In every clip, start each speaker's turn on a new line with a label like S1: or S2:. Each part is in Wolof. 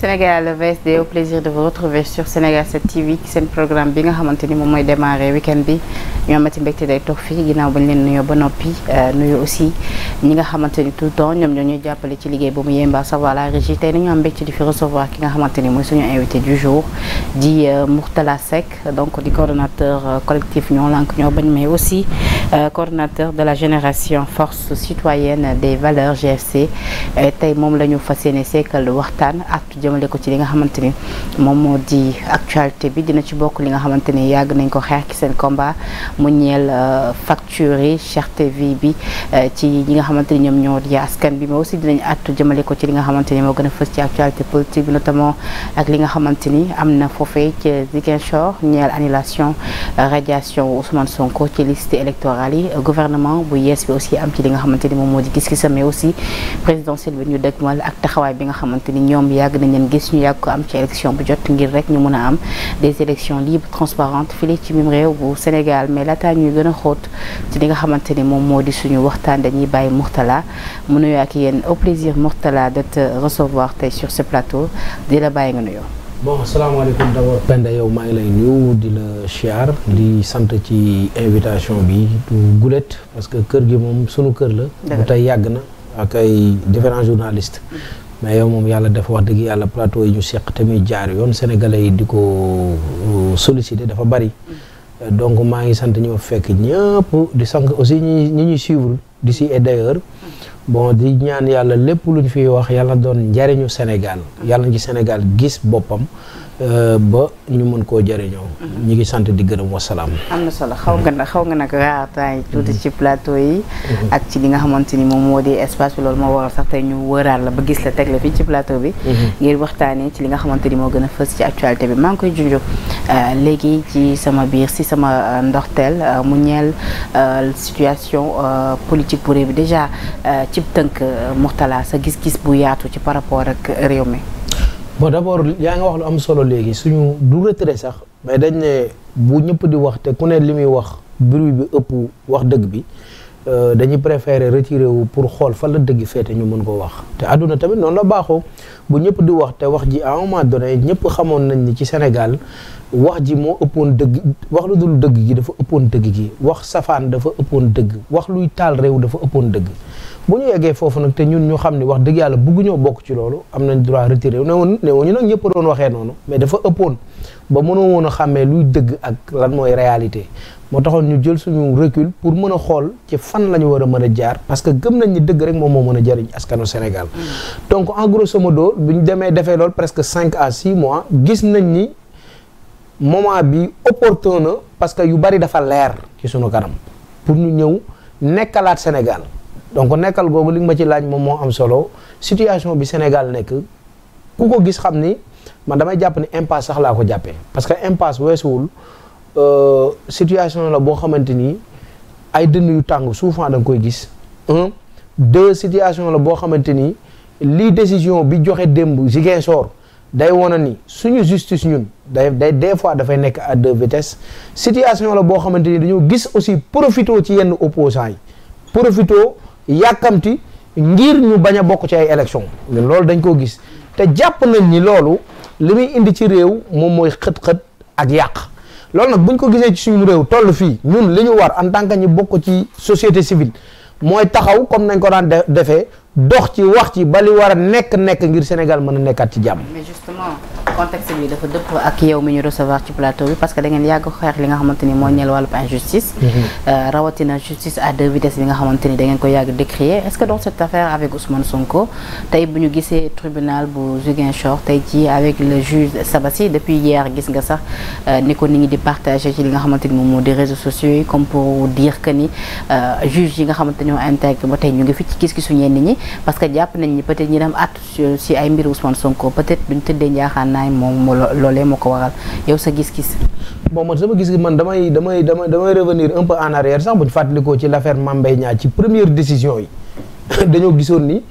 S1: Sénégal le VSD au plaisir de vous retrouver sur Sénégal 7 TV seen programme bi nga xamante ni moom mooy démarrer week-end bi ñoo amati mbégte day toog fii ginnaaw bañ leen nuyoo ba noppi euh, nuyu aussi ñi nga xamante ni tout le temps ñoom ñoo ñuy jàppale ci liggéey ba mu yemba savoir la régie tey nañu am mbégte di fi recevoir ki nga xamante ni mooy suñu invité du jour di euh, Mourtala Seck donc di coordonnateur euh, collectif ñoo lànk ñoo bañ mais aussi coordonnateur de la génération force citoyenne des valeurs GFC tey moom la ñu fas yéene sekkal waxtaan ak jëmale ko ci li nga xamante ni moom moo di actualité bi dina ci bokk li nga xamante yàgg nañ ko xeex ci seen combat mu ñeel euh, facture yi cherté vie bi euh, ci ñi nga xamante ni ñoom ñoo di askan bi mais aussi dinañ àttu jëmale ko ci li nga xamante ni moo gën a li nga xamante ni am na foofee ci Ziguinchor ñeel annulation euh, radiation Ousmane Sonko ci liste électorale yi gouvernement bu yees bi aussi am ci ni moom moo di gis-gisam mais aussi présidentielle bi ñu dëgmal ak taxawaay bi nga xamante ñoom yàgg nañ leen gis ñu yàgg ko am ci élection bu jot ngir rek ñu mën a am des élections libres transparentes fii ci mim réew bu Sénégal mais laataa ñuy gën a xóot ci li nga moom moo di suñu waxtaan dañuy bàyyi Mourtala mu nuyoo ak yéen au plaisir Mourtala de te recevoir tey sur ce plateau di la bàyyi nga nuyoo.
S2: bon asalaamaaleykum d'abord Penda yow maa ngi lay nuyu di la siyaar di sant ci invitation bi du gulet parce que kër gi moom sunu kër la bu tey yàgg na a ay différents mais yow moom yàlla dafa wax dëgg yàlla plateau yi ñu seq tamit jaar yoon sénégalais yi di ko euh, solliciter dafa bari euh, donc maa ngi sant ñi ma fekk ñëpp di sant aussi ñi ñuy suivre d'ici et d'ailleurs bon di ñaan yàlla lépp lu ñu fi wax yàlla doon njariñu Sénégal yàlla ngi Sénégal gis boppam euh, ba ñu mën koo jëriñoo. ñu ngi sant di gërëm wasalaam.
S1: am na solo xaw nga xaw nga nag raataay tuuti ci plateau yi. Mhm. ak ci li nga xamante ni moom moo di espace bi loolu moo waral sax tey ñu wëraal la ba gis la teg la fii ci plateau bi. Mhm. ngir waxtaanee ci li nga xamante ni moo gën a fës ci actualité bi maa ngi koy junjoo euh, léegi ci sama biir si sama euh, ndoxteel mu ñeel situation Euh, cib tënk euh, Mourtalla sa gis-gis bu yaatu ci par rapport ak euh, réew mi.
S2: bon d'abord yaa nga wax lu am solo léegi suñu du retrait sax mais dañ ne bu ñëpp di wax te ku ne li muy wax bruit bi ëpp wax dëgg bi. dañuy préférer retirer wu pour xool fan la dëgg feete ñu mën ko wax te àdduna tamit noonu la baaxoo bu ñëpp di wax te wax ji à un moment donné ñëpp xamoon nañ ni ci Sénégal wax ji moo ëppoon dëgg wax lu dul dëgg gi dafa ëppoon dëgg gi wax safaan dafa ëppoon dëgg wax luy taal réew dafa ëppoon dëgg bu ñu yeggee foofu nag te ñun ñu xam ne wax dëgg yàlla bëgg ñoo bokk ci loolu am nañ droit retiré ne woon ne woon ñu nag ñëpp doon waxee noonu mais dafa ëppoon ba mënoo woon a xàmmee luy dëgg ak lan mooy réalité moo taxoon ñu jël suñu recule pour mën a xool ci fan la ñu war a mën a jaar parce que gëm nañ ñi dëgg rek moom moo mën a jëriñ askanu Sénégal mm. donc en grosso modo bu ñu demee defee loolu presque cinq à mois gis nañ ni moment bi opportun na parce que yu bari dafa leer ci sunu kanam pour ñu ñëw nekkalaat Sénégal donc nekkal googu li nga ma ci laaj moom moo am solo situation bi Sénégal nekk ku ko gis xam ni man damay jàpp ni impasse sax laa ko jàppee parce que impasse weesuwul euh, situation la boo xamante ni ay dënn yu tàng souvent da koy gis un situation la boo xamante ni lii décision bi joxe démb Ziguinchor day wane ni suñu justice ñun day day des fois dafay nekk à deux vitesses situation la boo xamante ni dañoo gis aussi profité ci yenn opposants yi profité yàkkamti ngir ñu bañ a bokk ci ay élection loolu dañ koo gis te jàpp nañ ni loolu li muy indi ci réew moom mooy xët-xët ak yàq loolu nag buñ ko gisee ci suñu réew toll fii ñun li ñu war en tant que ñu bokk ci société civile mooy taxaw comme nañ ko daan defee dox ci wax ci ba li war nekk nekk ngir Sénégal mën a nekkaat ci jàmm. mais
S1: justement. contexte bi dafa dëpp ak yow mi ñu recevoir ci plateau parce que da ngeen yàgg xeex li nga xamante ni moo ñeel injustice mhm. euh, rawatina justice à deux vitesses nga xamante ni da ngeen ko yàgg décrier est-ce que donc cette affaire avec Ousmane Sonko tey bu ñu gisee tribunal bu Ziguinchor tey ci avec le juge Sabassi depuis hier gis nga sax euh, ni ko nit ñi di partager ci li nga xamante ni moom moo di réseaux sociaux yi comme pour dire que euh, juge yi nga xamante ñoo intègre ba ñu ngi fi ci gis-gisu ñenn ñi parce que jàpp nañ ñi peut-être ñi dem at si ay mbir Ousmane Sonko time moom loolee moo ko waral yow sa
S2: gis-gis. bon man sama gis-gis man damay damay damay damay revenir un peu en arrière sax bu fàttalikoo ci l'affaire Mame Mbaye Niang ci première décision yi dañoo gisoon ni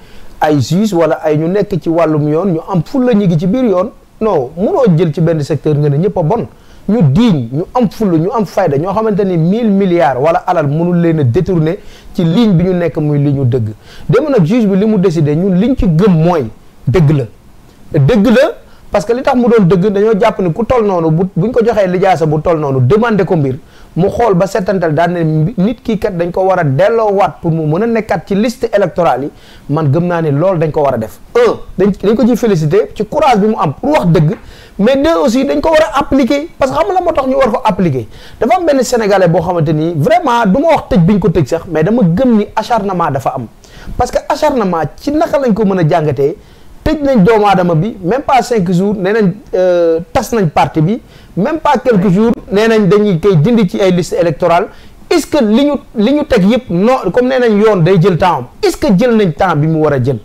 S2: ay juge wala ay ñu nekk ci wàllum yoon ñu am fulla ñi gi ci biir yoon non mënoo jël ci benn secteur nga ne ñëpp bon. ñu diiñ ñu am fulla ñu am fayda ñoo xamante ni mille milliards wala alal mënul leen a détourner ci ligne bi ñu nekk muy li ñu dëgg dem nag juge bi li mu décidé ñun liñ ci gëm mooy dëgg la parce que li tax mu doon dëgg dañoo jàpp ni ku toll noonu bu buñ ko joxee lijaasa bu toll noonu demandé ko mbir mu xool ba setantal daan nit kii kat dañ ko war a delloowaat pour mu mën a nekkaat ci list électorale yi man gëm naa ne loolu dañ ko war a def un dañ dañ ko ci félicité ci courage bi mu am pour wax dëgg mais deux aussi dañ ko war a appliquer parce que xam la moo tax ñu war ko appliquer dafa am benn sénégalais boo xamante nii vraiment duma wax tëj bi ko tëj sax mais dama gëm ni acharnement dafa am parce que acharnement ci naka lañ ko mën a jàngatee tëj nañ doomu aadama bi même pas cinq jours nee nañ euh, tas nañ parti bi même pas quelques jours nee nañ dañuy koy dindi ci ay liste électorale est-ce que li ñu li ñu teg yëpp no comme nee nañ yoon day jël temps est-ce que jël nañ temps bi mu war a jël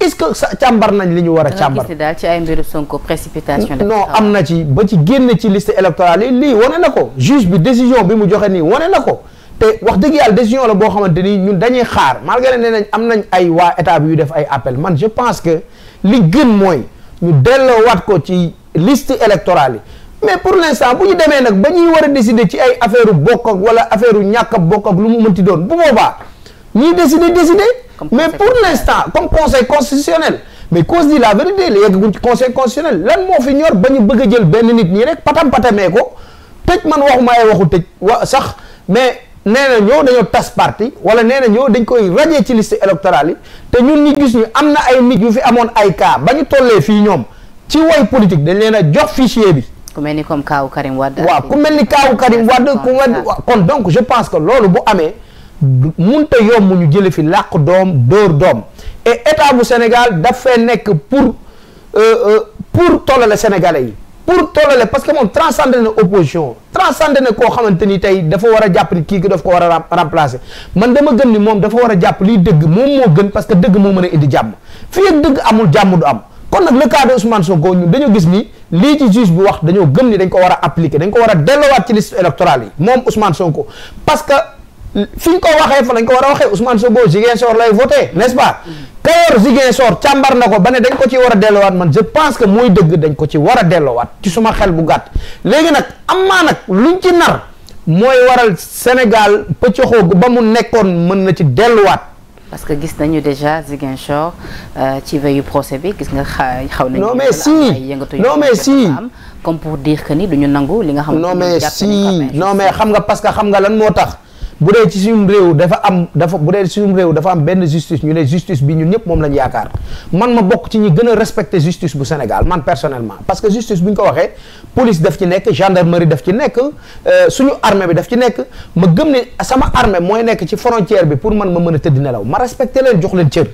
S2: est-ce que sa càmbar nañ li ñu war a càmbar
S1: ci ay mbiru Sonko
S2: précipitation non am na ci ba ci génn ci liste électorale yi lii wane na ko juge bi décision bi mu joxe nii wane na ko te wax dëgg yàlla décision la boo xamante ni ñun dañuy xaar malgré nee nañ am nañ ay waa état bi def ay appel man je pense que li gën mooy ñu delloowaat ko ci liste électorale yi mais pour l'instant bu ñu demee nag ba ñuy war a ci ay affaire bokk ak wala affaire ñàkk ak bokk ak lu mu mënti doon bu boobaa ñuy décider décider mais pour l'instant comme conseil constitutionnel mais cause dit la vérité la yeggaguñ ci conseil constitutionnel lan moo fi ñor ba ñu bëgg a jël benn nit ñi rek patam patamee ko tëj man waxuma ay waxu tëj wa sax mais nee na ñoo dañoo tas parti wala nee na ñoo dañ koy rajee ci liste électorale yi te ñun ñi gis ñu am na ay nit yu fi amoon ay cas ba ñu tollee fii ñoom ci way politique dañ leen a jox fichier bi.
S1: mel ni comme Kaawu
S2: Karim Wade. waaw ku mel ni Kaawu Karim Wade ku mel kon donc je pense que loolu bu amee munta yomb ñu jële fi làq doom dóor doom et état bu Sénégal dafay nekk pour euh, euh, pour tollale Sénégalais yi. pour tollale parce que moom transcendé na opposition transcendé na koo xamante ni tey dafa war a jàpp ni kii ki daf ko war a remplacer man dama gën ni moom dafa war a jàpp liy dëgg moom moo gën parce que dëgg moo mën a indi jàmm fii ak dëgg amul jàmm du am kon nag le cas Sonko ñun dañoo gis ni lii ci juge bi wax dañoo gëm ni dañ ko war a appliquer dañ ko war a delloowaat ci liste électorale yi moom Ousmane Sonko parce que fi ko waxee fa lañ war a waxee Ousmane Kayor Ziguinchor càmbar na ko ba ne dañ ko ci war a delloowaat man je pense que mooy dëgg dañ ko ci war a ci suma xel bu gàtt léegi nag am maa nag lu luñ ci nar mooy waral Sénégal pëccoxoo ba mu nekkoon mën na ci delluwaat. parce que gis nañu
S1: déjà Ziguinchor euh, ci veillu procès bi gis nga xaw nañu. non mais si non mais si comme pour dire que ni duñu nangu li nga xam. non mais
S2: si non mais xam nga parce que xam nga lan moo tax. bu dee ci suñu réew dafa am dafa bu dee suñu réew dafa am benn justice ñu ne justice bi ñun ñëpp moom lañ yaakaar man ma bokk ci ñi gën a respecter justice bu Sénégal man personnellement parce que justice bu ñu ko waxee police daf ci nekk gendarmerie daf ci nekk euh, suñu armée bi daf ci nekk ma gëm ne sama armee mooy nekk ci frontière bi pour man ma mën a tëdd nelaw ma respecter leen jox leen cër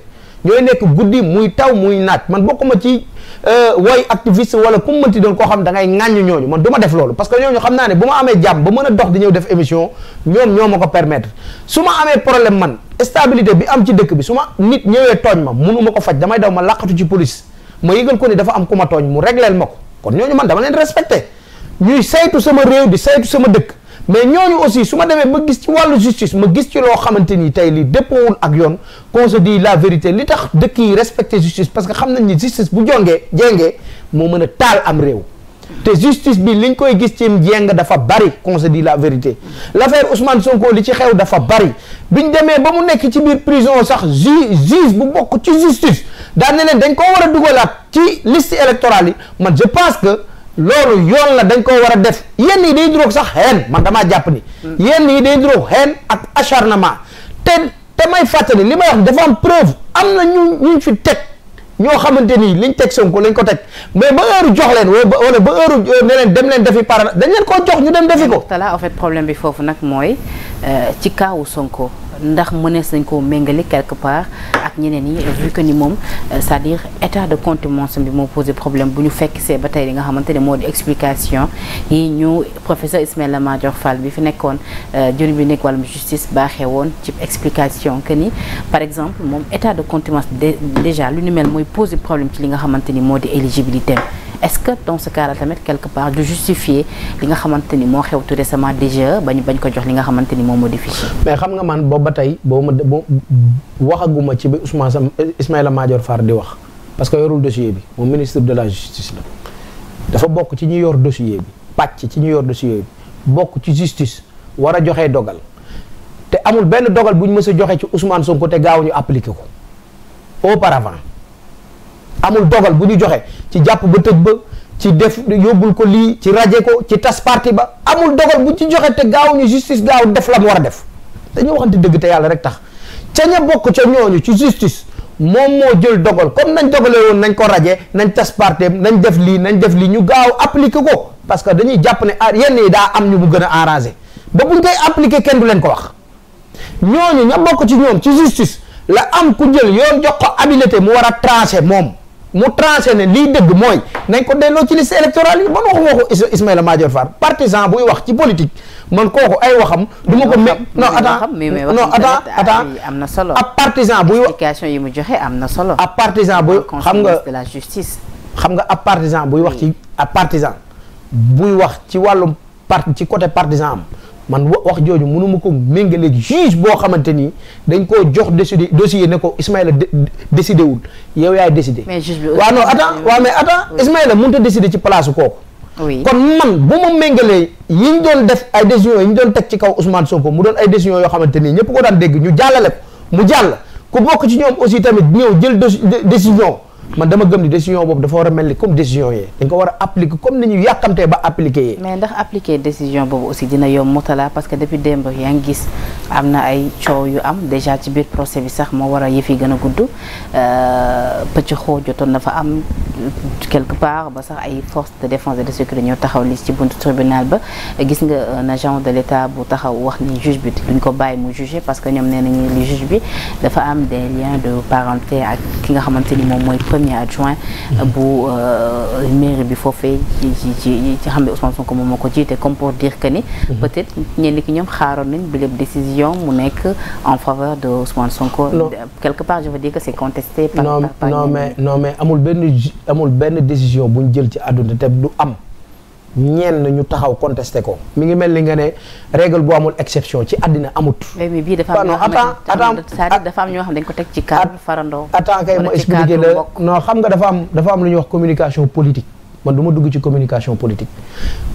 S2: ñooy nekk guddi muy taw muy naaj man bokkuma ci euh, woy activiste wala ku mënti doon koo xam da ngay ŋàññ ñooñu man du def loolu parce que ñooñu xam naa ne bu ma amee jàmm ba mën a dox di ñëw def émission ñoom ñoo ma ko permettre su ma amee problème man stabilité bi am ci dëkk bi su ma nit ñëwee tooñ ma mënu ma ko faj damay daw ma làqatu ci police ma yëgal ko ni dafa am ku ma tooñ mu régleel ma ko kon ñooñu man dama leen respecté ñuy saytu sama réew di saytu sama dëkk mais ñoo ñu aussi su ma demee ma gis ci wàllu justice ma gis ci loo xamante ni tey li dëppoowul ak yoon qu'on se la vérité li tax dëkk yi respecter justice parce que xam nañ ni justice bu jongee jéngee moo mën a taal am réew te justice bi li liñ koy gis ci jéng dafa bari qu'on se dit la vérité l'affaire Ousmane Sonko li ci xew dafa bari ñu demee ba mu nekk ci biir prison sax ju juge bu bokk ci justice daan ne leen dañ koo war a dugalaat ci list électorale yi man je pense que loolu yoon la dañ ko war a def yenn yi day duróog sax xeen man damaa jàpp ni hmm. yenn yi day duróog xeen ak acharnement te te may fàttali li may wax dafa am preuve am na ñu ñu fi teg ñoo xamante nii liñ teg Sonko lañ ko teg mais ba heure jox leen wala ba heure euh, ne leen dem leen defi par dañ leen koo jox ñu dem defi ko. en
S1: fait problème bi foofu nag mooy. Euh, ci kaawu Sonko ndax mënees nañ koo méngale quelque part ak ñeneen yi vu que ni moom euh, sa à dire état de contumace bi moo posé problème bu ñu fekk see ba tey li nga xamante ne moo di explication yi ñu professeur Ismaïla Madior Fall bi fi nekkoon euh, jur bi nekk wàllum justice baaxee woon ci explication que ni par exemple moom état de contumace déjà lu ni mel mooy pose problème ci li nga xamante ni moo di éligibilité est-ce que dans ce cas là tamit quelque part du justifier li nga xamante ni moo xew tout récemment DGE bañ bañ ko jox
S2: li nga xamante ni moo modifié. mais xam nga man boobu ba tey boo ma waxaguma ci bi Ousmane Ismaïla Madior Fall di wax parce que yorul dossier bi moom ministre de la justice la dafa bokk ci ñu yor dossier bi pàcc ci ñu yor dossier bi bokk ci justice war a joxe dogal te amul benn dogal bu ñu mës joxe ci Ousmane Sonko te ñu appliqué ko auparavant amul dogal bu ñu joxee ci jàpp ba tëj ba ci def yóbbul ko lii ci raje ko ci tas ba amul dogal bu ci joxe te gaaw ñu justice gaaw def la mu war a def dañu waxante dëgg te yàlla rek tax ca ña bokk ca ñooñu ci justice moom moo jël dogal comme nañ dogalee woon nañ ko raje nañ tas nañ def lii nañ def lii ñu gaaw appliquer ko parce que dañuy jàpp ne ah yenn yi daa am ñu mu gën a arrangé ba buñ koy appliquer kenn du leen ko wax ñooñu ña bokk ci ñoom ci justice la am ku jël yoon jox ko habilité mu war a tranché moom mu tranché ne lii dëgg mooy nañ ko delloo ci liste électorale yi man waxuma waxu Ismaïla Madior Fall partisan buy wax ci politique man kooku ay waxam. du ma ko mé non attends non attends
S1: am na solo ab
S2: partisan buy wax explication yi mu joxe am na solo. ab partisan buy xam nga de la justice. xam nga ab partisan buy wax ci ab partisan buy wax ci wàllum parti ci côté partisan am. man wax jooju mënu ma ko méngaleeg juge boo xamante ni dañ koo jox décidé dossier ne ko Ismaïla décidé wul yow yaay décidé. mais juge bi waaw non attends waaw mais attends Ismaïla mënut décidé ci place kooku. oui kon man bu ma méngalee yi ñu doon def ay décisions yi ñu doon teg ci kaw Ousmane Sonko mu doon ay décisions yoo xamante ni ñëpp ko daan dégg ñu jàllale ko mu jàll ku bokk ci ñoom aussi tamit ñëw jël décision. man dama gëm ni décision boobu dafa war a mel ni comme décision yee dañ war a appliquer comme ni ñu yàkkamtee ba appliquer yee.
S1: mais ndax appliquer décision boobu aussi dina yomb Mourtalla parce que depuis démb gis am na ay coow yu am déjà ci biir procès bi sax moo war a yëf yi gën a gudd euh, pëcc xoo jotoon na fa am quelque ba sax ay forces de défense et taxaw li ci buntu tribunal ba gis nga un agent de l'État bu taxaw wax ni juge bi duñ ko bàyyi mu juger parce que ñoom nee nañu li juge bi dafa am des liens de parenté ak ki nga xamante ni moom mooy. premier adjoint euh, bu euh, mairie bi foofee ci ci ci ci xam ne Ousmane Sonko moom moo ko jiite comme pour dire que ni mhm. peut-être ñenn ki ñoom xaaroon nañ bi lépp décision mu nekk en faveur de Ousmane Sonko euh, quelque part je veux dire que
S2: c'est contesté par non mais amul benn décision bu jël ci àdduna te du am ñenn ñu taxaw contesté ko mi ngi mel ni nga ne règle bu amul exception ci àddina amut. mais bii dafa am ñoo xamante
S1: dafa am xam dañ ko teg ci cadre
S2: farandoo. attends kay ma expliqué la non xam nga dafa am dafa am lu ñuy wax communication politique man du ma dugg ci communication politique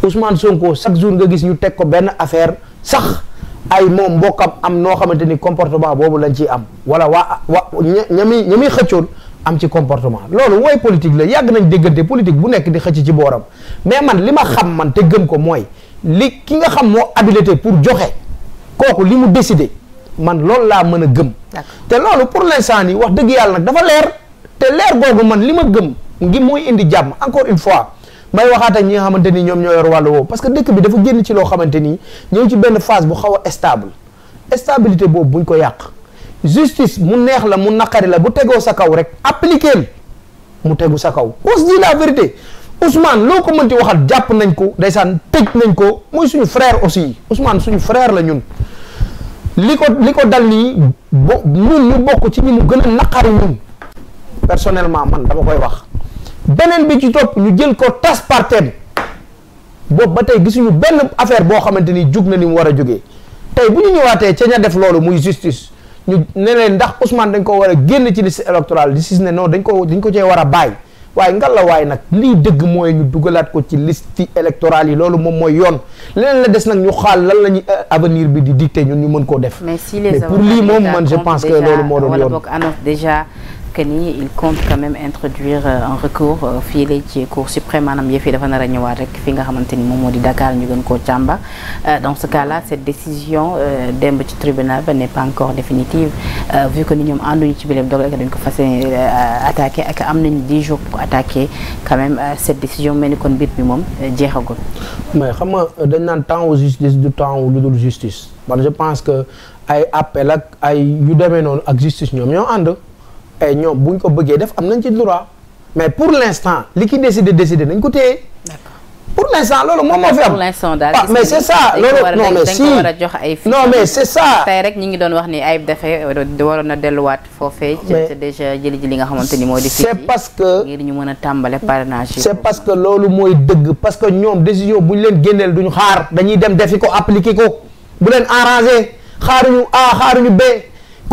S2: Ousmane Sonko chaque jour nga gis ñu teg ko benn affaire sax. ay moom mbokkam am noo xamante ni comportement boobu lañ ciy am wala waa wa ña ña muy ña muy xëccoon am ci comportement loolu wooy politique la yàgg nañ déggante politique bu nekk di xëcc ci booram mais man li ma xam man te gëm ko mooy li ki nga xam moo habilité pour joxe kooku li mu décidé man loolu laa mën a gëm te loolu pour l'instant yi wax dëgg yàlla nag dafa leer te leer googu man li ma gëm ngi mooy indi jàmm encore une fois may waxaat ak ñi nga xamante ni ñoom ñoo yor wàllu woo parce que dëkk bi dafa génn ci loo xamante ni ñëw ci benn phase bu xaw a stable stabilité boobu buñ ko yàq justice mu neex la mu naqari la bu tegoo sa kaw rek appliquer mu tegu sa kaw on se dit la vérité Ousmane loo ko mënti waxal jàpp nañ ko ndeysaan tëj nañ ko mooy suñu frère aussi Ousmane suñu frère la ñun li ko li ko dal nii bo ñun ñu bokk ci ñi mu gën a naqari ñun personnellement man dama koy wax beneen bi ci topp ñu jël ko tas par terre boobu ba tey gisuñu benn affaire boo xamante ni jug na ni mu war a jógee tey bu ñu ñëwaatee ca ña def loolu muy justice ñu ne leen ndax Ousmane dañ koo war a génn ci liste électorale di sis ne non dañ koo dañ ko cee war a bàyyi waaye ngal la waaye nag lii dëgg mooy ñu dugalaat ko ci liste électorale yi loolu moom mooy yoon leneen la des nag ñu xaal lan la ñuy euh, avenir bi di dicté ñun ñu mën koo def mais pour lii moom man je pense que loolu moo doon yoon
S1: que ni il compte quand même introduire un euh, recours euh, fii lay ci cour suprême maanaam yëf dafa nar a ñëwaat rek fi nga xamante ni moom moo di Dakar ñu gën koo càmba euh, dans ce cas là cette décision démb ci tribunal ba n'est pas encore définitive vu que ni ñoom ànduñu ci bileeb dogal ak dañ ko fas yéene attaqué ak am nañ 10 jours pour attaquer quand même cette décision mel ni kon
S2: jeexagul. mais xam nga dañ naan temps au justice du temps lu dul justice man je pense que ay appel ak ay yu demee et eh, ñoom buñ ko bëggee def am nañ ci droit mais pour l'instant li ki décidé décidé nañ ko téye. pour l'instant loolu moom moo fi am. mais c'est ça
S1: loolu non delluwaat foofee. mais c'est que ngir ñu mën a tàmbale parrainage. c'est
S2: parce que loolu mooy dëgg parce que ñoom décision bu ñu leen génneel duñu xaar dañuy dem defi ko appliquer ko bu leen arranger xaaruñu A xaaruñu B.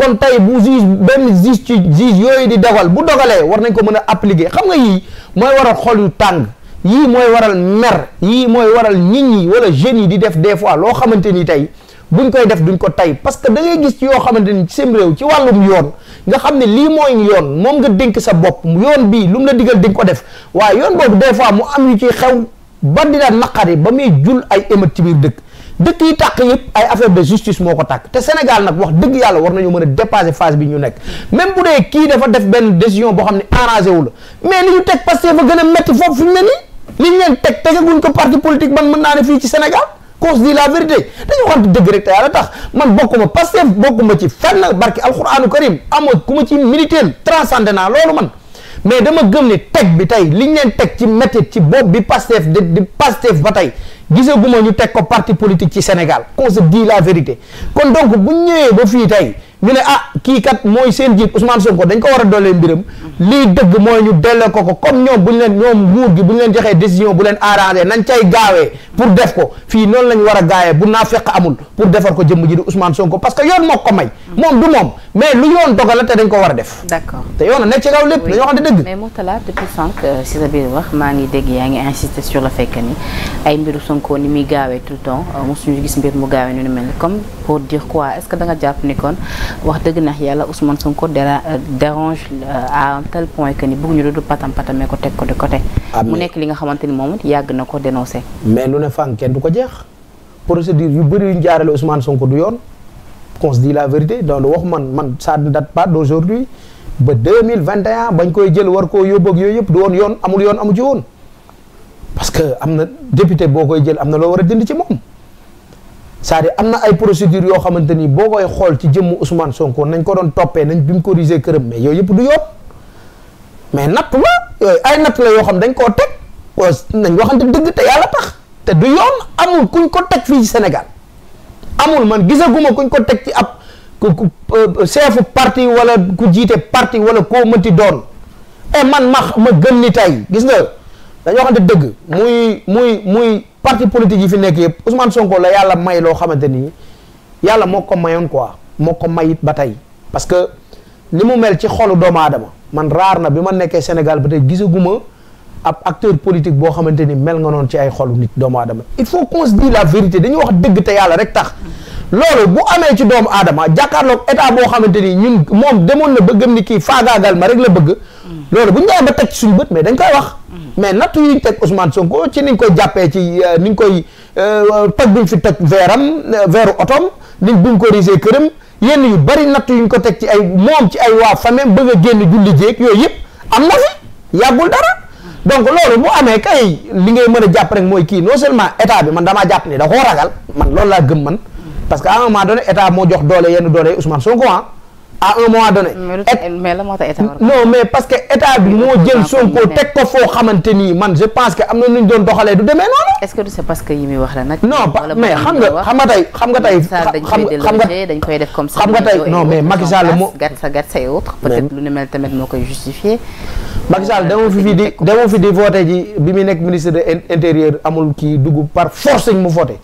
S2: kon tey bu juge benn juge ci juge yooyu di dogal bu dogalee war nañ ko mën a appliquer xam nga yii mooy waral xool yu tàng yii mooy waral mer yii mooy waral nit ñi wala jeunes yi di def des fois loo xamante ni tey buñ koy def duñ ko tey parce que da ngay gis ci yoo xamante ni seen réew ci wàllum yoon nga xam ne lii mooy yoon moom nga dénk sa bopp yoon bii lu mu la digal di ko def waaye yoon boobu des fois mu am yu ci xew ba dina naqari ba muy jul ay émeute dëkk dëkk yi tàq yëpp ay affaire de justice moo ko tàkk te Sénégal nag wax dëgg yàlla war nañu mën a dépasser phase bi ñu nekk même bu dee kii dafa def benn décision boo xam ne arrangé wu la mais li ñu teg Pastef fa gën a métti foofu fi ne nii li leen teg tegaguñ ko parti politique man mën naa ne fii ci Sénégal qu'on se dit la vérité dañu waxante dëgg rek te yàlla tax man bokkuma Pastef bokkuma ci fenn barki alquranu karim amoo ku ma ci militaire transcendé naa loolu man mais dama gëm ne teg bi tey liñ leen teg ci métti ci bopp bi Pastef di Pastef ba tey gisaguma ñu teg ko parti politique ci Sénégal qu'on se dit la vérité kon donc bu ñëwee ba fii tey ñu ne ah kii kat mooy seen jiit Ousmane ko dañ ko war a doolee mbiram lii dëgg mooy ñu delloo ko ko comme ñoom bu ñu leen ñoom nguur gi bu ñu leen joxee décision bu leen arrangé nañ cay gaawee pour def ko fii noonu lañ war a gaayee bu naa fekk amul pour defar ko jëmm ji di Ousmane Sonko parce que yoon moo ko may. moom du moom mais lu yoon dogale te dañ ko war a def. d'accord te yoon nekk euh, ngi dégg yaa ngi insister
S1: sur le fait que ni ay ni muy gaawee tout le temps euh, mosuñu gis mbir mu gaawee ni mu mel comme pour dire quoi est-ce que da nga jàpp ni kon wax dëgg na yàlla Ousmane Sonko dara euh, dérange à un tel point que ni bëgguñu doon patam patamee ko ko de côté. Ah, mu nekk li nga xamante ni moom
S2: yàgg na ko dénoncer. mais benn fànn kenn du ko jeex procédure yu bëri yuñ jaarale Ousmane Sonko du yoon qu'on se dit la vérité donc wax man man ça ne date pas d'aujourd'hui ba 2021 bañ koy jël war koo yóbbu yooyu yëpp du woon yoon amul yoon amu ci woon parce am na député boo koy jël na loo war a dindi ci moom c'est-à-dire am na ay procédures yoo xamante ni boo koy xool ci jëmmu Ousmane Sonko nañ ko doon toppee nañ bi mu ko corriger këram mais yooyu yëpp du yoon mais natt la yooyu ay natt la yoo xam dañ koo teg nañ waxante dëgg te du yoon amul kuñ ko teg fii ci Sénégal amul man gisaguma kuñ ko teg ci ab ku euh, chefu parti wala ku jiite parti wala koo mënti doon e man ma ma gëm ni tey gis nga dañoo xamante dëgg muy muy muy parti politique yi fi nekk yëpp Ousmane Sonko la yàlla may loo xamante ni yàlla moo ko mayoon quoi moo ko may ba tey parce que ni mu mel ci xolu doomu aadama man raar na bi ma nekkee Sénégal ba tey gisaguma ab acteur politique boo xamante ni mel nga noonu ci ay xolu nit doomu aadama il faut qu'on se dise la vérité dañuy wax dëgg te yàlla rek tax loolu bu amee ci doomu aadama jàkkaarloog état boo xamante ni ñun moom demoon na bëgg bëggam ni kii faagaagal ma rek la bëgg loolu bu ñu ñëwee ba teg ci suñu bët mais dañ koy wax mais natt yi ñu teg Ousmane Sonko ci ni ñu koy jàppee ci euh, ni ñu koy euh, toj bi ñu fi toj veeram euh, veeru otom ni buñ ñu ko risé këram yenn yu bari natt yu ñu ko teg ci ay moom ci ay waa famille bëgg génn julli jéeg yooyu yëpp am na fi yàggul donc loolu bu amee kay li ngay mën a jàpp rek mooy kii non seulement état bi man damaa jàpp ni da koo ragal man loolu laa gëm man parce que à un moment donné état moo jox doole yenn doole Ousmane Sonko ah ah un moment donné. mais la moo tax état non mais parce que état moo jël Sonko teg ko foo xamante nii man je pense que am na nu doon doxalee du demee noonu.
S1: est-ce que c'est parce que yi muy wax la nag. non mais xam nga xam nga tey xam nga tey. xam koy def comme ça. xam nga tey non mais Macky
S2: Sall moo fi di dama fi di voté ji bi mu nekk ministre de l'intérieur amul kii dugg par force ñu mu voté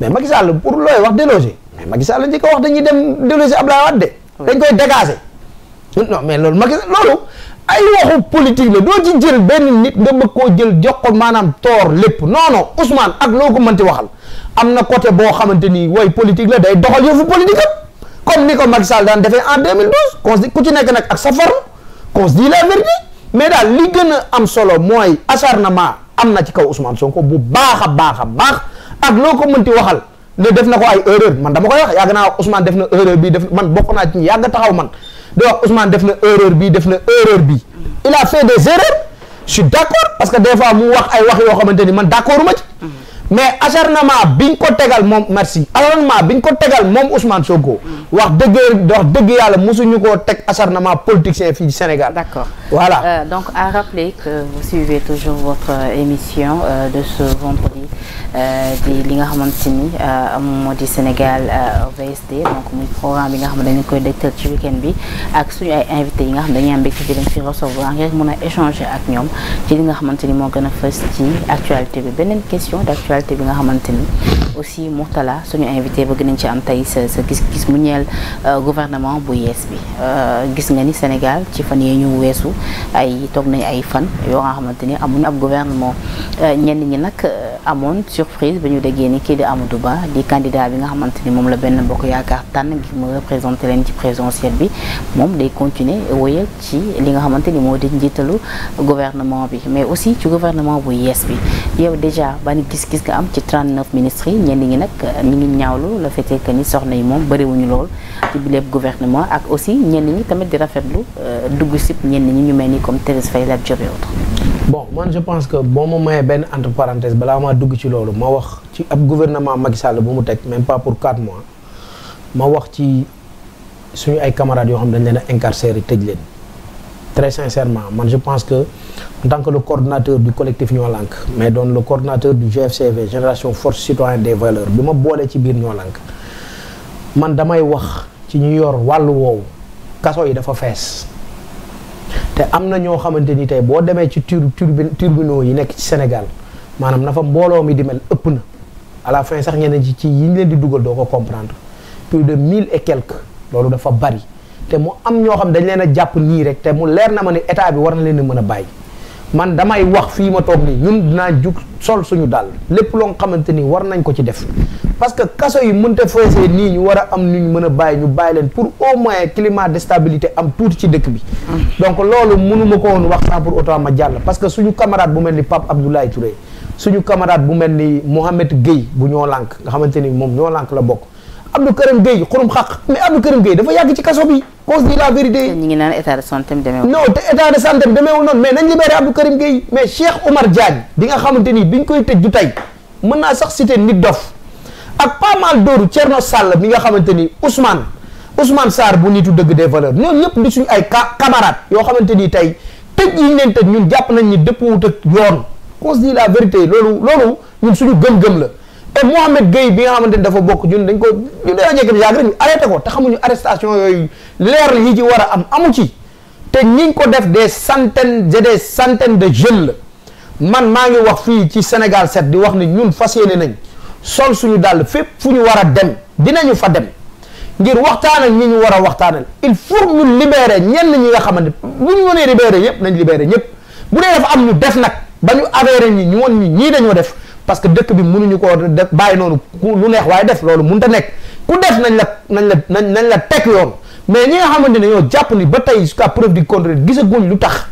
S2: mais Macky Sall pour looy wax délogé. mais Macky Sall njëkk a wax dañuy dem déloger Abdoulaye Wade de dañ koy dégager non mais loolu Macky loolu ay waxu politique la doo ci jël benn nit nga bëgg koo jël jox ko maanaam toor lépp non non ak loo ko mën mënti waxal am na côté boo xamante ni way politique la day doxal yëfu politique am comme ni ko Macky Sall daan defee en 2012 qu'on se ku ci nekk nag ak sa forme qu'on se dit la vérité mais daal li gën a am solo mooy na acharnement am na ci kaw Ousmane Sonko bu baax a baax a baax ak loo ko mënti waxal. ne def na ko ay erreur man dama koy wax yàgg naa wax Ousmane def na erreur bi def man bokk naa ci ñu yàgg taxaw man di wax Ousmane def na erreur bii def na erreur bii il a fait des erreurs je suis parce que des fois mu wax ay wax yoo xamante ni man d' accord mais ci mais acharnement biñ ko tegal moom merci acharnement biñ ko tegal moom Ousmane Sonko wax dëgg wax dëgg yàlla mosuñu koo teg acharnement politicien fii Sénégal. d'accord voilà.
S1: Euh, donc à rappeler que vous suivez toujours votre euh, émission euh, de ce vendredi euh, di li nga xamante ni moo di Sénégal VSD donc muy bi nga xam ne dañu koy dégtal ci week bi ak suñu ay invités yi nga xam ne dañuy am mbégte di leen fi recevoir ngir mën ak ñoom ci li nga xamante ni moo gën a fës ci actualité bi beneen question d'actualité bi nga xamante ni aussi Mourtala suñu invité bëgg nañ ci am sa sa mu ñeel. taxawal euh, gouvernement bu yees bi euh, gis nga ni Sénégal ci fan yee ñu weesu ay toog nañ ay fan yoo nga xamante ni amuñu ab gouvernement euh, ñenn ñi nag amoon surprise ba ñu déggee ni kii di Amadou Ba di candidat bi nga xamante ni moom la benn mbokk yaakaar tànn ngir mu représenté leen ci présidentielle bi moom day continuer wéyal ci li nga xamante ni moo di njiitalu gouvernement bi mais aussi ci gouvernement bu yees bi yow déjà ban gis-gis nga am ci 39 ministres yi ñenn ñi nag ñu ngi ñaawlu la fekkee que ni soxna yi moom bëriwuñu lool ci bileeb gouvernement ak aussi ñenn ñi tamit di rafetlu euh, dugg sib ñenn ñi ñu mel ni comme Thérèse Faye Lat Diop et
S2: bon man je pense que boo ma mayee benn entre balaa maa dugg ci loolu ma wax ci ab gouvernement Macky Sall bu mu teg même pas pour 4 mois ma wax ci suñu ay camarades yoo xam dañ leen a incarcéré tëj leen très sincèrement man je pense que en tant que le coordonnateur du collectif Ñoo Lank mais doon le coordonnateur du GFCV Génération Force Citoyenne des Valeurs bi ma boolee ci biir Ñoo Lank man damay wax ci ñu yor wàllu woowu kaso yi dafa fees te am na ñoo xamante ni tey boo demee ci tur tribunaux yi nekk ci Sénégal maanaam na fa mbooloo mi di mel ëpp na à la fin sax ñeneen ci ci yi ñu leen di dugal doo ko comprendre pur de mille et quelques loolu dafa bari te mu am ñoo xam dañ leen a jàpp nii rek te mu leer na ma ne état bi war na leen a mën a bàyyi. man damay wax fii ma toog nii ñun dinaa jug sol suñu daal lépp loo xamante ni war nañ ko ci def parce que kaso yi mënta feesee nii ñu war a am nu ñu mën a bàyyi ñu bàyyi leen pour au moins climat de stabilité am tuuti ci dëkk bi. donc loolu mënuma ko woon wax sans pour autant ma jàll parce que suñu camarade bu mel ni Pape Abdoulaye Touré suñu camarade bu mel ni Mohamed Gueye bu ñoo lànk nga xamante ni moom ñoo lànk la bokk. Abdou Karim Gueye xurum xaq mais Abdou Karim Gueye dafa yàgg ci kaso bi qu'on se dit la vérité. ñu ngi
S1: naan état de santé demeewul.
S2: non te état de santé demeewul noonu mais nañ libéré Abdou Karim Gueye mais Cheikh Omar Diagne bi nga xamante ni biñ koy tëj du tey mën naa sax cité nit dof ak pas mal dooru Thierno Sall bi nga xamante ni Ousmane saar Sarr bu nitu dëgg des valeurs ñooñu ñëpp di suñu ay camarades yoo xamante ni tey tëj yi ñu leen tëj ñun jàpp nañ ni dëppwut ak yoon qu'on se dit la vérité loolu loolu ñun suñu gëm-gëm la et Mohamed Gueye bi nga xamante ni dafa bokk ñun dañ ko ñun dañoo jékki yàgg rek ñu arrêté ko te xamuñu arrestation yooyu leer yi ci war a am amu ci te ñi ko def des centaines et des de jeunes la man maa ngi wax fii ci Sénégal set di wax ni ñun fas yéene nañ sol suñu dàll fépp fu ñu war a dem dinañu fa dem ngir waxtaan ak ñi ñu war a waxtaanal il faut ñu libérer ñenn ñi nga xamante bu ñu mënee libérer ñëpp nañ libérer ñëpp bu dee dafa am ñu def nag ba ñu avéré ñi ñu woon ñi ñii dañoo def parce que dëkk bi mënuñu koo def bàyyi noonu ku lu neex waaye def loolu mun a nekk ku def nañ la nañ la nañ nañ la teg yoon mais ñi nga xamante ne ñoo jàpp ni ba tey jusqu'à preuve du contraire gisaguñ lu tax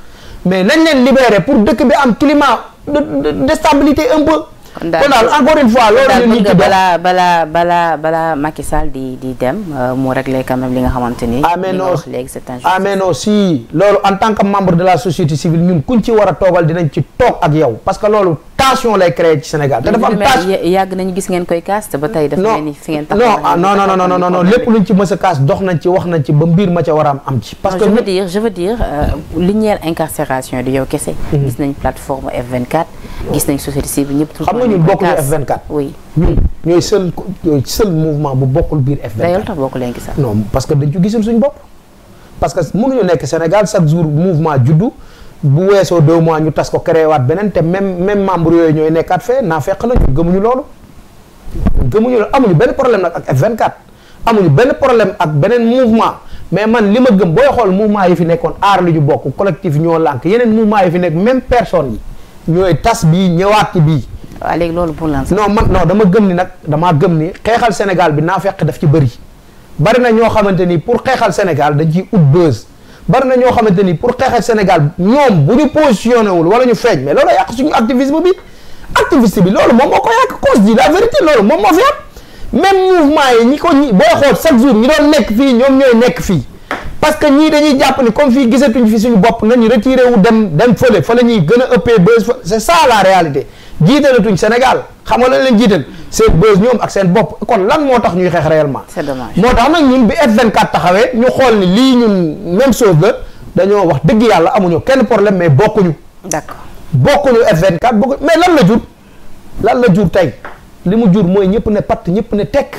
S2: mais nañ leen libéré pour dëkk bi am climat de de stabilité un peu. kon daal encore une fois loolu ñu ngi
S1: balaa balaa di di dem euh, mu réglé quand même nga xamante ni. amee noo amee
S2: noo si loolu en tant que membre de la société civile ñun kuñ ci war a toogal dinañ ci toog ak yow parce que loolu tension lay créé ci Sénégal. te dafa am tension
S1: yàgg nañu gis tey dafa mel ni fi ngeen tax ah, non non non non non
S2: ci mës a kaas dox nañ ci wax nañ ci ba mbir ma ca war a am am ci. parce que je veux
S1: dire je veux dire euh, li ñeel incarcération di yow kese. Mhm. gis nañ plateforme F24 gis
S2: nañ société civile ñëpp nga ñun bokkuñu F24. oui ñun ñooy seul ñooy seul mouvement bu bokkul biir F24. parce que dañ ci gisul suñu bopp. parce que mënuñu nekk Sénégal chaque jour mouvement juddu bu weesoo deux ñu tas ko créé waat beneen te même même membre yooyu ñooy nekkaat fee naa fekk la ñun gëmuñu loolu. gëmuñu loolu amuñu benn problème nag ak F24 amuñu benn problème ak beneen mouvement. mais man li ma gëm booy xool mouvement yi fi nekkoon aar li ñu bokk collectif ñoo lànk yeneen mouvement yi fi nekk même personne yi ñooy tas bii ñëwaat bii waaw ah, léegi loolu pour lan non man non dama gëm ni nag damaa gëm ni xeexal Sénégal bi naa fekk daf ci bëri bari na ñoo xamante ni pour xeexal Sénégal dañ ci ut buzz bari na ñoo xamante ni pour xeexal Sénégal ñoom bu ñu positionné wul wala ñu feeñ mais loolu yàq suñu activisme bi activiste bi loolu moom moo ko yàq cause di la vérité loolu moom moo fi am même mouvement yi ñi ko ñi booy xool chaque jour ñi doon nekk fii ñoom ñooy nekk fii parce que ñii dañuy jàpp ni comme fii gisatuñ fi suñu bopp nañu retiré wu dem dem fële fa la ñuy gën a ëppee buzz la réalité jiitalatuñ Sénégal xam nga lañ leen jiital seen bës ñoom ak seen bopp kon lan moo tax ñuy xeex réellement. c'est dommage moo tax nag ñun bi F24 taxawee ñu xool ni lii ñun même chose la dañoo wax dëgg yàlla amuñu kenn problème mais bokkuñu. d'accord bokkuñu F24 bokkuñu mais lan la jur lan la jur tey li mu jur mooy ñëpp ne patt ñëpp ne tekk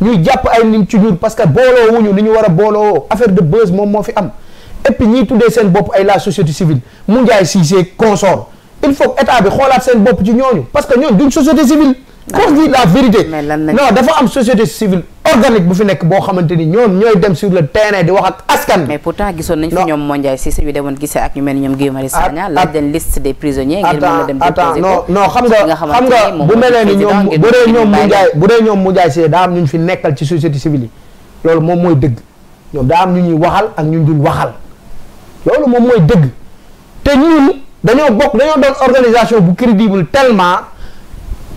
S2: ñuy jàpp ay nim ci jur parce que booloo wuñu li ñu war a booloo affaire de bës moom moo fi am et puis ñiy tuddee seen bopp ay la société civile mu njaay Cissé consort il faut que état bi xoolaat seen bopp ci ñooñu parce que ñooñu duñ société civile. Ah. qu'on dit la vérité non dafa am société civile organique bu fi nekk boo xamante ni ñoom ñooy dem sur le terrain di wax askan mais xam nga xam nga bu mel ni ñoom bu dee ñoom Mondiaye bu dee ñoom Mondiaye Cissé daa am ñu fi nekkal ci société civile yi loolu moom mooy dëgg ñoom daa am ñu ñuy waxal ak ñu dul waxal loolu moom mooy dëgg te ñun dañoo bokk dañoo doon organisation bu crédible tellement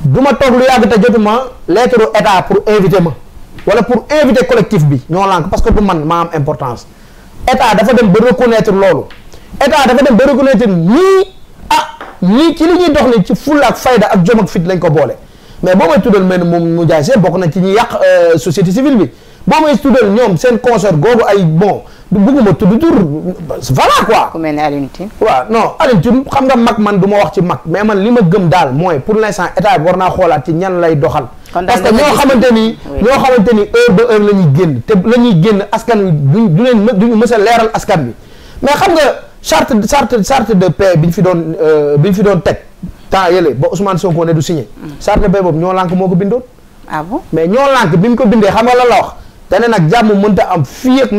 S2: du ma toog lu yàgg te jotuma lettre état pour inviter ma wala pour inviter collectif bi ñoo lànk parce que du man maa am importance état dafa dem ba reconnaître loolu état dafa dem ba reconnaître nii ah nii ci li ñuy dox ni ci fulla ak fayda ak jom ak fit lañ ko boole mais boo may tuddal mel ni moom mu jaay seen bokk nañ ci ñu yàq euh, société civile bi boo may tuddal ñoom seen concert googu ay bon bëgguma tudd tur voilà quoi. ku waaw non Alioune xam nga mag man du ma wax ci mag mais man li ma gëm daal mooy pour l'instant état bi war naa xoolaat ci ñan lay doxal. parce que ñoo xamante ni ñoo xamante ni heure ba heure la ñuy génn te la ñuy génn askan wi duñ du leen duñu mës a leeral askan bi mais xam nga charte charte charte de paix bi ñu fi doon euh, bi ñu fi doon teg temps yële ba Ousmane Sonko ne du signé. Mm. charte de paix boobu ñoo lànk moo ko bindoon. ah bon mais ñoo lànk bi mu ko bindee xam la la wax. te ne nag jàmm mënta am fii ak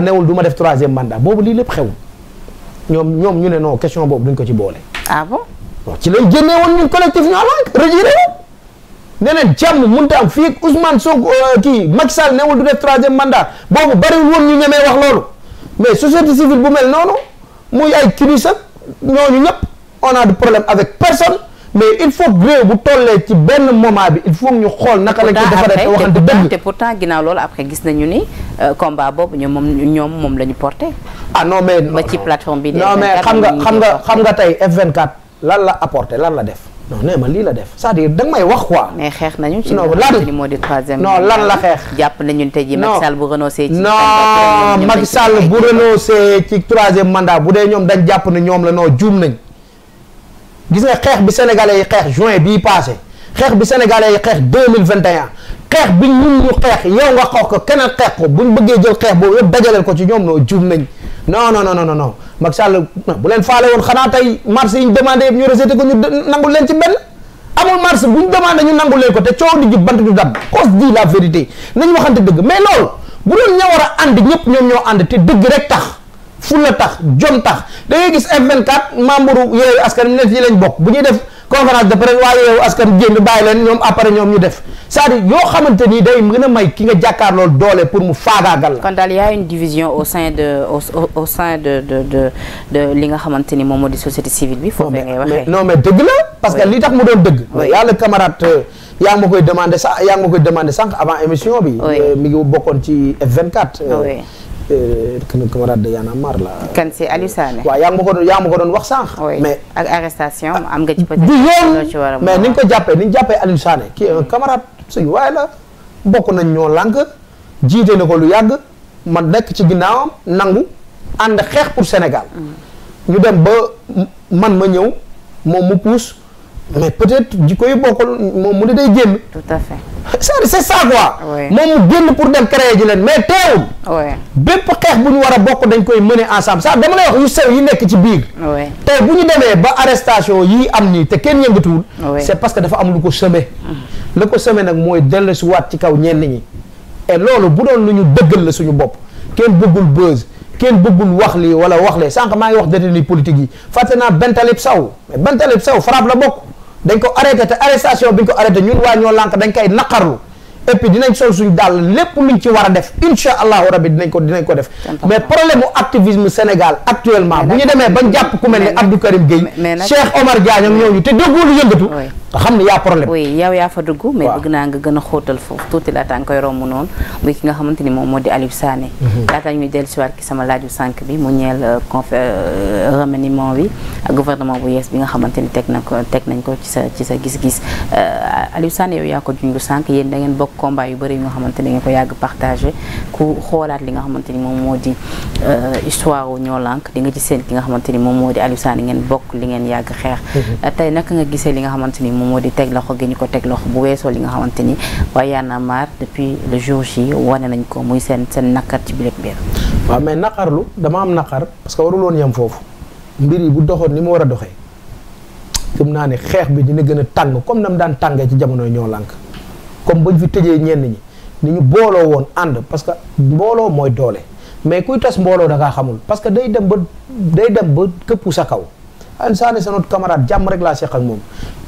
S2: newul du ma def troisième mandat boobu lii lépp xewul ñoom ñoom ñu ne non question boobu duñ ko ci boole. ah bon. ci lañ génnee woon ñun collectif ñoo lànk retiré woon ne neen jàmm mënta am fii ak soo euh, kii Macky Sall newul du def troisième mandat boobu bariwul woon ñu ñemee wax loolu mais société civile bu mel noonu muy ay kilifa ñooñu ñëpp on a du problème avec personne. mais il faut réew bu tollee ci benn moment bi il faut ñu xool naka lañ ko defaree te waxante dëgg
S1: te pourtant ginnaaw loolu après gis nañu ni euh, combat boobu ñoom moom ñoom moom la ñu porté ah non ba ci plateforme bi non mais xam nga xam nga xam nga
S2: tey F24 lan la apporté lan la def non nee ma lii la def sa à dire danga may wax quoi mais xeex nañu ci ni moo di troisième non lan la xeex
S1: jàpp nañu tey ji Macky Sall bu renoncé ci non Macky Sall
S2: bu renoncé ci troisième mandat bu dee ñoom dañ jàpp ne ñoom la noo juum nañ gis nga xeex bi sénégalais yi xeex juin bii passé xeex bi sénégalais yi xeex 2021 xeex bi ñun ñu xeex yow nga xoox ko keneen xeex ko buñ bëggee jël xeex boobu yëpp dajaleel ko ci ñoom noo juum nañ non non non non non Macky Sall bu leen faale woon xanaa tey marché yi ñu demandé yëpp ñu rejeté ko ñu nangul leen ci benn amul marché bu ñu demandé ñu nangul leen ko te coow di jib bant du dab on se dit la vérité nañ waxante dëgg mais loolu bu doon ña ñëpp ñoom ñoo ànd te dëgg rek tax fulla tax jom tax da ngay gis F24 membre yooyu askan mi ne lañ bokk bu ñuy def conférence de presse waaye yow askan génn bàyyi leen ñoom appare ñoom ñu def cest à yoo xamante ni day mën a may ki nga jàkkaarloo doole pour mu faagaagal
S1: la. kon division au sein de au au sein de de li nga xamante ni moom moo di société civile bi. foofee ngay waxee non mais dëgg la. parce que li
S2: tax mu doon dëgg. oui yàlla camarade euh, yaa nga koy demande sax yaa nga ma koy demandé sànq avant émission bi. Euh, mi ngi bokkoon ci F24. Euh, que le camarade de Y'en a la. kan
S1: si Aliou Sané. waaw yaa ma ko doon yaa ma ko doon wax sànq. mais ak arrestation ah, am nga ci peut-être. du
S2: mais ni nga ko jàppee ni ñu jàppee Aliou Sané qui est suñu waaye la bokk nañ ñoo lànk jiite na ko lu yàgg man nekk ci ginnaawam nangu ànd xeex pour Sénégal.
S1: Mm.
S2: ñu dem ba man ma ñëw moom mu puus mais peut-être jikko yu bokkul moom mu ne day génn. à fait. c'est ça quoi. moom mu génn pour dem créer ji leen mais teewul. bépp xeex bu ñu war a bokk dañ koy mëne ensemble ça dama lay wax yu sew yi nekk ci biir. tey bu ñu demee ba arrestation yi am nii te kenn yëngatuwul. c'est parce que dafa am lu ko semé. la ko semé nag mooy dellusiwaat ci kaw ñenn ñi. et loolu bu doon lu ñu dëggal la suñu bopp kenn bëggul buzz kenn bëggul wax lii wala wax lee sànq maa ngi wax détenu politique yi fàtte naa Bentaleb Sow Bentaleb Sow FRAPP la bokk. dañ ko arrêté te arrestation bi ñu ko arrêté ñun waa ñoo lànk dañ koy naqarlu et puis dinañ sol suñ daal lépp ñu ci war a def incha allahu rabbi dinañ ko dinañ ko def mais problème mu Sénégal actuellement bu ñu demee bañ jàpp ku mel ne Abdou Karim Gueye Cheikh Omar Diagne ak ñooñu te déggoo lu yëngatu
S1: nga xam ne yaa problème. oui yow yaa fa dugg. mais bëgg naa nga gën a xóotal foofu tuuti laataa nga koy romb noonu muy ki nga xamante ni moom moo di Aliou Sané. Mhm. laataa ñuy dellusiwaat ci sama laaju sànq bi mu ñeel euh, confe euh, remaniement bi ak gouvernement bu yees bi nga xamante ni teg na ko teg nañ ko ci sa ci sa gis-gis euh, Aliou Sané yow yaa ko junj sànq yéen da ngeen bokk combat yu bëri yu nga xamante ni ngeen ko yàgg partagé ku xoolaat li nga xamante ni moom moo di histoire wu ñoo lànk di nga ci seen ki nga xamante ni moom moo di Aliou Sané ngeen bokk li ngeen yàgg xeex mhm. tey naka nga gisee li nga xamante ni moom moo di teg loxo gi ñu ko teg loxo bu weesoo li nga xamante ni waaye Y'en a marre depuis le jour
S2: J wane nañ ko muy seen seen naqar ci biir biir. waaw mais naqarlu dama am naqar parce que warul woon foofu mbir yi bu doxoon ni mu war a doxee gëm naa ne xeex bi dina gën a tàng comme nam daan tàngee ci jamonoy ñoo lànk comme bañ fi tëjee ñenn ñi ni ñu booloo woon ànd parce que mbooloo mooy doole mais kuy tas mbooloo da ngaa xamul parce que day dem ba day dem ba këppu sa kaw. Aliou Sané sa notre camarade jàmm rek laa seq ak moom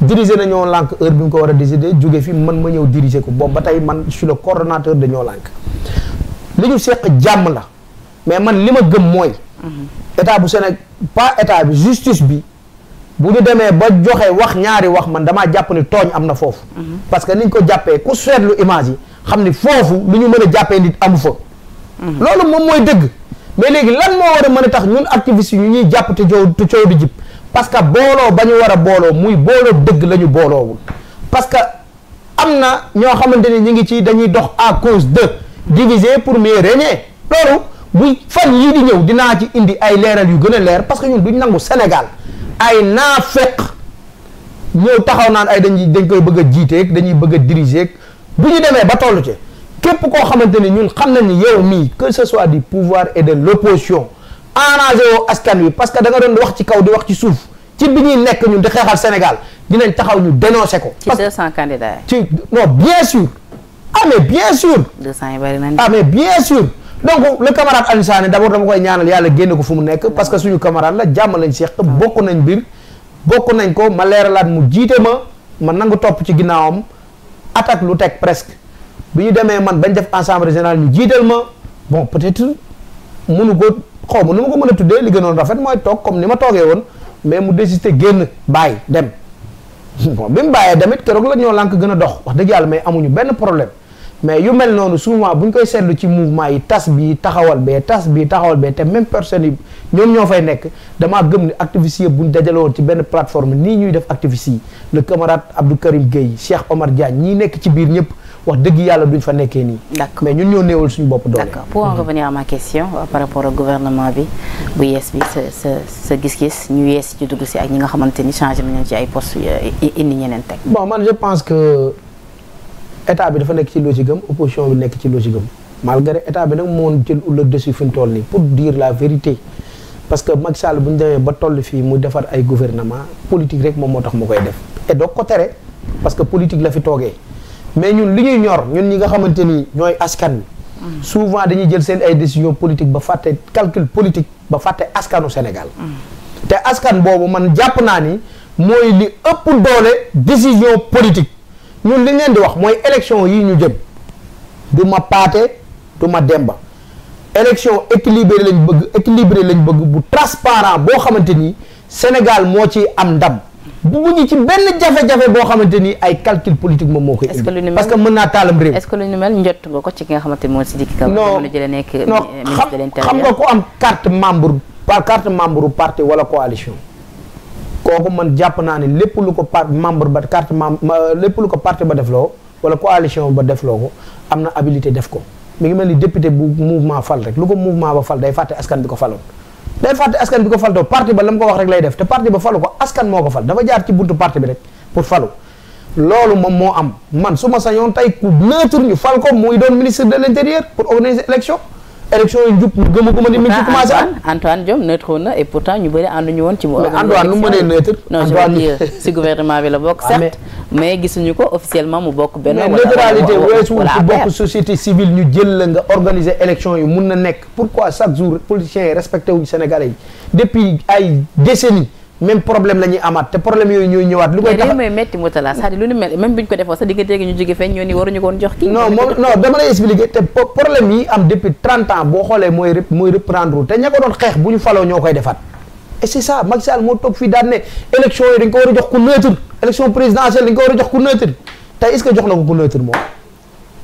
S2: diriger na ñoo lànk heure bi ñu ko war a diriger jóge fi man ma ñëw diriger ko boobu ba tay man je suis le coordonnateur de ñoo lànk li ñu seq jàmm la mais man li ma gëm mooy mhm. état bu Sénégal pas état bi justice bi bu ñu demee ba joxe wax ñaari wax man damaa jàpp ni tooñ am na foofu mhm. parce que niñ ko jàppee ku seetlu image yi xam ni foofu lu ñu mën a jàppee nit amu fa mhm. loolu moom mooy dëgg mais léegi lan moo war mën a tax ñun activistes yi ñu ñuy jàpp te coow te coow parce que booloo ba ñu war a booloo muy booloo dëgg la ñu booloowul parce que am na ñoo xamante ni ñu ngi ci dañuy dox à cause de diviser pour mieux régner loolu bu fan yii di ñëw dinaa ci indi ay leeral yu gën a leer parce que ñun duñ nangu Sénégal ay naafeq ñëw taxaw naan ay dañuy dañ koy bëgg a jiiteeg dañuy bëgg a diriger bu ñu demee ba tollu ci képp koo xamante ni ñun xam nañ ni yow mii que ce soit du pouvoir et de l'opposition en woo askan wi parce que da nga doon wax ci kaw di wax ci suuf ci bi ñuy nekk ñun di xeexal Sénégal dinañ taxaw ñu dénoncé ko. ci 200 candidats yi. ci non bien sûr ah mais bien sûr. 200 yi bari nañ ah mais bien sûr. donc le camarade Aliou Sané d' abord dama koy ñaanal yàlla génne ko fu mu nekk parce que suñu camarade la jàmm lañ seq ah. bokk nañ mbir bokk nañ ko ma leeralaat mu jiite ma ma nangu topp ci ginnaawam attaque lu teg presque bi ñu demee man bañ def ensemble général ñu jiital ma bon peut xaw ma nu ma ko mën a tuddee li gënoon rafet mooy toog comme ni ma toogee woon mais mu désister génn bàyyi dem bon bi mu bàyyee damit keroog la ñoo lànk gën a dox wax dëgg yàlla mais amuñu benn problème mais yu mel noonu souvent bu ñu koy seetlu ci mouvement yi tas bi taxawal bee tas bii taxawal bee te même personne yi ñoom ñoo fay nekk damaa gëm ni activiste bu ñu dajale woon ci benn plateforme nii ñuy def activiste yi le camarade Abdou Karim Gueye Cheikh Omar Diagne ñii nekk ci biir ñëpp wax dëgg yàlla duñ fa nekkee nii. mais ñun ñoo néewal suñu bopp doole. d'accord
S1: pour en revenir à ma question euh, par rapport ak gouvernement bi bu yees bi sa sa gis-gis ñu yees ci dugg si ak ñi nga xamante ni changé nañu ci ay postes euh, indi ñeneen teg.
S2: bon man je pense que état bi dafa nekk ci logique am opposition bi nekk ci logique am malgré état bi nag moon jël le dessus fi mu toll nii pour dire la vérité. parce que Macky Sall bu ñu demee ba toll fii mu defar ay gouvernement politique rek moom moo tax mu koy def et ko tere parce que politique la fi toogee mais ñun li ñuy ñor ñun ñi nga xamante ni ñooy askan bi mm. souvent dañuy jël seen ay décision politique ba fàtte calcul politique ba fàtte askanu Sénégal mm. te askan boobu man jàpp naa ni mooy li ëpp doole décision politique ñun li leen di wax mooy élection yi ñu jëm du ma paate duma ma demba élection équilibrée lañ bëgg équilibrée lañ bëgg bu transparent boo xamante ni Sénégal moo ci am ndam bugguñu ci benn jafe-jafe boo xamante ni ay calcul politique moom moo koy indi parce que mën naa taalam réew. est-ce que lu ñu mel njott nga ko ci ki nga xamante ni
S1: moo
S2: am carte membre par carte membre parti wala coalition. kooku man jàpp naa ne lépp lu ko par membre ba carte membre lépp lu ko parti ba def loo wala coalition ba defloo ko am na abilité def ko mu ngi mel ni député bu mouvement fal rek lu ko mouvement ba fal day fàtte askan bi ko faloon. day fàtte askan bi ko fal too parti ba la mu ko wax rek lay def te parti ba falu ko askan moo ko fal dafa jaar ci buntu parti bi rek pour falu loolu moom moo am man su ma sañoon tey ku neutre ñu fal ko muy doon ministre de l' intérieur pour organiser élection élection yi jub gëmaguma ni mi ngi ci commencé am
S1: Antoine Diome neutre et pourtant ñu bëri ànduñu woon ci mu Antoine nu mu mënee neutre non je veux
S2: si gouvernement bi la bokk ah, certes
S1: mais gisuñu ko officiellement mu bokk benn mais neutralité weesuwul
S2: bokk société civile ñu jël la nga organiser élection yi mun na nekk pourquoi chaque jour politiciens yi respecte wuñu Sénégalais yi depuis ay décennies même problème la ñuy amaat te problème yooyu ñooy ñëwaat. lu koy tax
S1: mais metti mu talaa c'est-à-dire lu ni mel même bu ñu ko defoo sax diggante ko woon jox kii. non moom non dama lay expliquer
S2: te problème ne élection yi dañ a ko war a jox ku neutre te est-ce na ko ku moom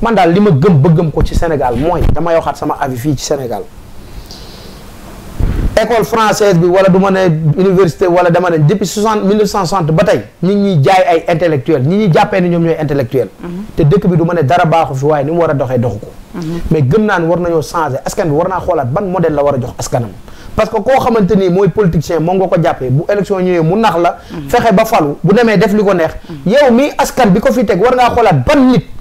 S2: man daal li ma gëm ko ci Sénégal mooy damay waxaat sama avis fii ci Sénégal école française bi wala du ma ne université wala dama ne depuis soixante mille neuf cent soixante ba tey ñi jaay ay intellectuel ñi jàppee ne ñoom ñooy intellectuel mhm. te dëkk bi du ma ne dara baaxu fi waaye ni war a doxee doxu ko mhm. mais gëm naa war nañoo changer askan bi war naa xoolaat ban modèle la war a jox askanam parce que koo xamante nii mooy politicien moom nga ko jàppee bu élection ñëwee mu nax la mhm. fexe ba falu bu demee def li ko neex yow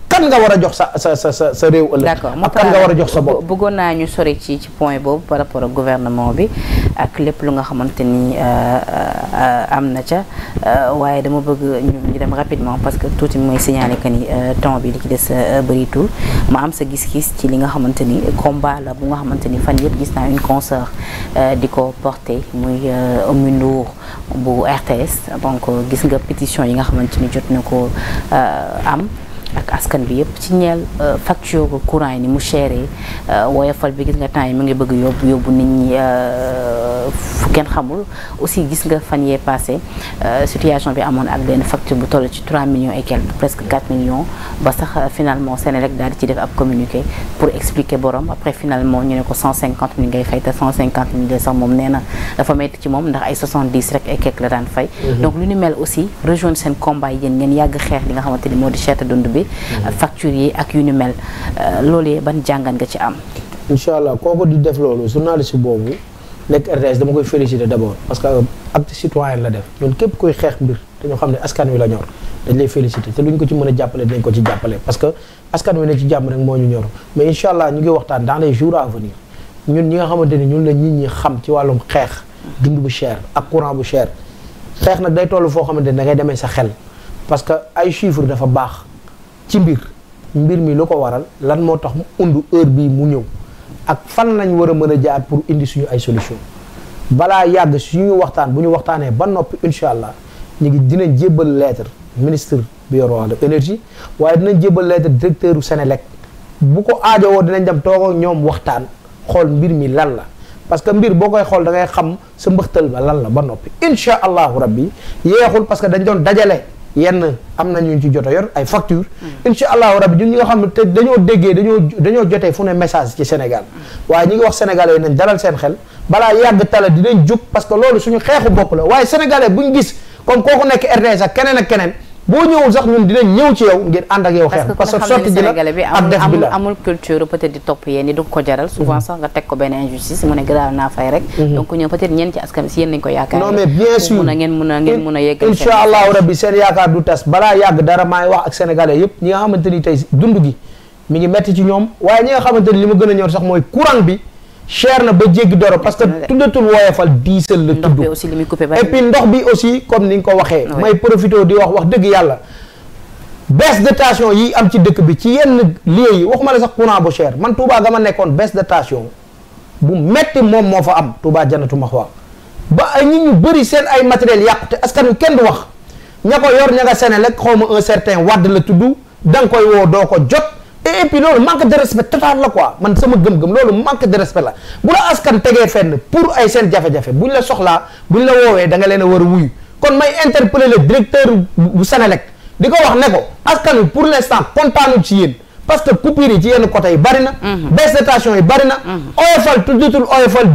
S2: kan nga war a jox sa sa sa sa réew ëllëg. d'accord
S1: ak kan nga war a jox sa bopp. bëggoon naa ñu sori ci ci point boobu par rapport ak gouvernement bi ak lépp lu nga xamante ni euh, euh, am na ca euh, waaye dama bëgg ñu dem rapidement parce que tuuti muy signaler que ni temps bi li ci des bëritul ma am sa gis-gis ci li nga xamante ni combat la bu nga xamante ni fan yëpp gis naa une consoeur di ko porté muy Oumy Ndour bu RTS donc gis nga pétition yi nga xamante ni jot na ko am. ak askan bi yëpp ci ñeel euh, facture courant yi ni mu chéré euh, woyofal bi gis nga temps mu ngi bëgg yóbbu yóbbu nit ñi euh, fu kenn xamul aussi gis nga fan yee passé situation bi amoon ak benn facture bu toll ci 3 millions et quelques presque millions ba sax finalement Senelec daal di ci def ab communiqué pour expliquer borom après finalement ñu ne ko 150 ngay fay te 150 mille sax moom nee na dafa metti ci moom ndax ay 70 rek et la daan fay mhm. donc lu ni mel moo di cherté dund bi Euh, factures yi ak yu ni mel euh, loolee ban jàngan nga ci am.
S2: incha allah kooku di def loolu journaliste boobu nekk RTS dama koy féliciter d'abord parce que euh, acte citoyen la def loolu képp koy xeex mbir dañoo xam ne askan wi la ñor dañ lay féliciter te luñ ko ci mën a jàppale dinañ ko ci jàppale parce que askan wi ne ci jàmm rek moo ñu ñor mais incha allah ñu ngi waxtaan dans les jours à ñun ñi nga xamante ni ñun la nit ñi xam ci wàllum xeex dund bu cher ak courant bu cher xeex nag day toll foo xamante ni da demee sa xel parce que ay chiffres dafa baax. ci mbir mbir mi lu ko waral lan moo tax mu undu heure bii mu ñëw ak fan lañ war a mën a jaar pour indi suñu ay solution balaa yàgg suñu waxtaan bu ñu waxtaanee ba noppi incha allah ñu ngi dinañ jébbal lettre ministre bi yor wàllu waaye dinañ jébbal lettre directeur u bu ko aajowoo dinañ dem toog ak ñoom waxtaan xool mbir mi lan la parce que mbir boo koy xool da ngay xam sa mbëxtal ba lan la ba noppi incha allahu rabbi yeexul parce que dañ doon dajale yenn am na ñu ci jot a ay facture incha allahu rabi ñun ñi nga xam ne te dañoo déggee dañoo dañoo jotee fu ne message ci Sénégal waaye ñu ngi wax sénégalais yi nañ dalal seen xel balaa yàgg tala dinañ jub parce que loolu suñu xeexu bokk la waaye sénégalais ñu gis comme kooku nekk RTS ak keneen ak keneen boo ñëwul sax ñun dinañ ñëw ci yow ngir ànd ak xeex parce sotti ji la ak bi
S1: amul culture peut di topp yéen ni ko jaral souvent sax nga teg ko benn injustice mu ne garaaw naa fay rek mhm. donc ñoom peut ñeen ci askan si yéen nañ ko yaakaar non a ngeen mun a ngeen mun a yeggal incha allahu
S2: rabbi dara maa wax ak sénégalais yëpp ñi nga xamante ni tey dund mi ngi metti ci ñoom waaye ñi nga xamante ni gën a ñor sax mooy courant bi cher na ba jéggi doro parce que tuddatul woyofal diisal la tudd et puis ndox bi aussi comme ni nga ko waxee may profité di wax wax dëgg yàlla bees de yi am ci dëkk bi ci yenn lieux yi waxuma la sax courant bu cher man Touba ga ma nekkoon bees de tension bu metti moom moo fa am Touba Janatu Maxwa ba ay nit ñu bëri seen ay matériel yàqu te askan wi kenn du wax ña ko yor ña nga sene rek xaw ma un certain wadd la tudd da nga koy woo doo ko jot et loolu manque de respect total la quoi man sama gëm-gëm loolu manque de respect la bu la askan tegee fenn pour ay seen jafe-jafe buñ la soxlaa buñ la woowee da nga leen a war a wuyu kon may interpeller le directeur bu Sénélec di ko wax ne ko askan wi pour l'instant kontaanu ci yéen parce que coupure yi ci yenn côté yi bari na mhm. baisse de tension yi bari na mhm. oyofal tuddutul oyofal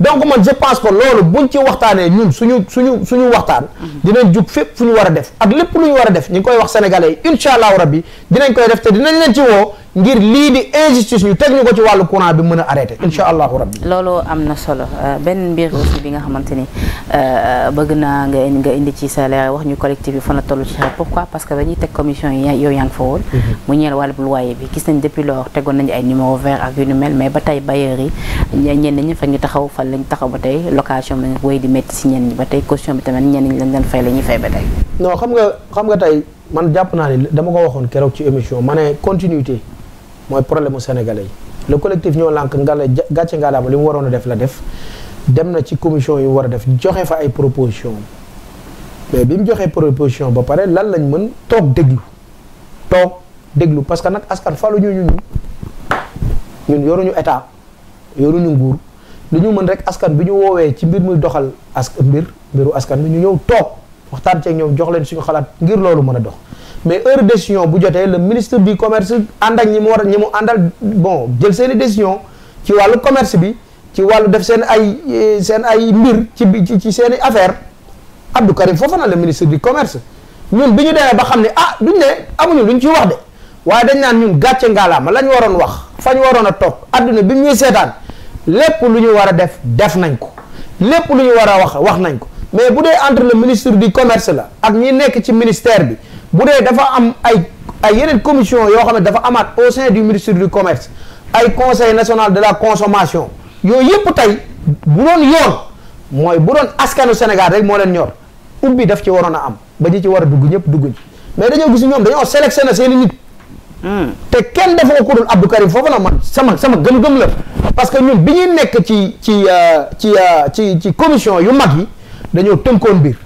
S2: donc man je pense que bu buñ ci waxtaanee ñun suñu suñu suñu waxtaan mhm. dinañ jug fépp fu ñu war a def ak lépp lu ñu war a def ñu ngi koy wax sénégalais yi incha allahu rabbi dinañ koy def te dinañ leen ci woo ngir lii di injustice ñu teg ñu ko ci wàllu courant bi mën a arrêté incha allahu rabbi
S1: loolu am na solo euh, benn mbir aussi bi nga xamante ni euh, bëgg naa nga nga indi ci sa wax ñu collectif bi fan la toll ci pourquoi parce que dañuy teg commission yi yow yaa ngi fa woon mhm. mu ñeel wàllu loyer bi gis nañ depuis lors tegoon nañu ay numéro ver ak yu ni mel mais ba tey bailleurs yi ñenn ñi fa ñu taxaw fan lañ taxaw ba tey location bi lañ wéy di métti si ñenn ñi ba tey caution bi tamit ñenn ñi lañ leen fay la ñuy fay ba
S2: man jàpp naa ne dama ko waxoon keroog ci émission ma ne continuité mooy problème mu sénégalais yi le collectif ñoo lànk ngala gàcce ngalaama li mu waroon a def la def dem na ci commission yu war a def joxe fa ay proposition mais bi mu joxee proposition ba pare lan lañ mën toog déglu toog déglu parce que nag askan falu ñu ñun ñun yoruñu état yoruñu nguur li ñu mën rek askan bi ñu woowee ci mbir muy doxal as mbir mbiru askan bi ñu ñëw toog waxtaan ceeg ñoom jox leen suñu xalaat ngir loolu mën a dox mais heure décision bu jotee le ministre bi commerce ànd ak ñi mu war ñi mu àndal bon jël seen i décision ci wàllu commerce bi ci wàllu def seen ay seen ay mbir ci bi ci seen i affaire Abdou Karim Fofana le ministre bi commerce ñun bi ñu demee ba xam ne ah duñ ne amuñu lu ñu ci wax de waaye dañ naan ñun gàcce ngaalaama la waroon wax fa ñu waroon a toog adduna bi mu ñuy seetaan lépp lu ñu war a def def nañ ko lépp lu ñu war a wax wax nañ ko mais bu dee entre le ministre du commerce la ak ñi nekk ci ministère bi bu dee dafa am ay ay yeneen commission yoo xam ne dafa amaat au sein du ministère du commerce ay conseil national de la consommation yooyu yëpp tey bu doon yoon mooy bu doon askanu Sénégal rek moo leen ñor ubbi daf ci waroon a am ba ñi ci war a dugg ñëpp dugg ci mais dañoo gis ñoom dañoo sélectionné seen i nit. Hmm. te kenn defoo ko dul Abdou foofu nag man sama sama gëm-gëm la parce que ñun bi ñuy nekk ci ci euh, ci euh, ci ci commission yu mag yi. dañoo tënkoon biir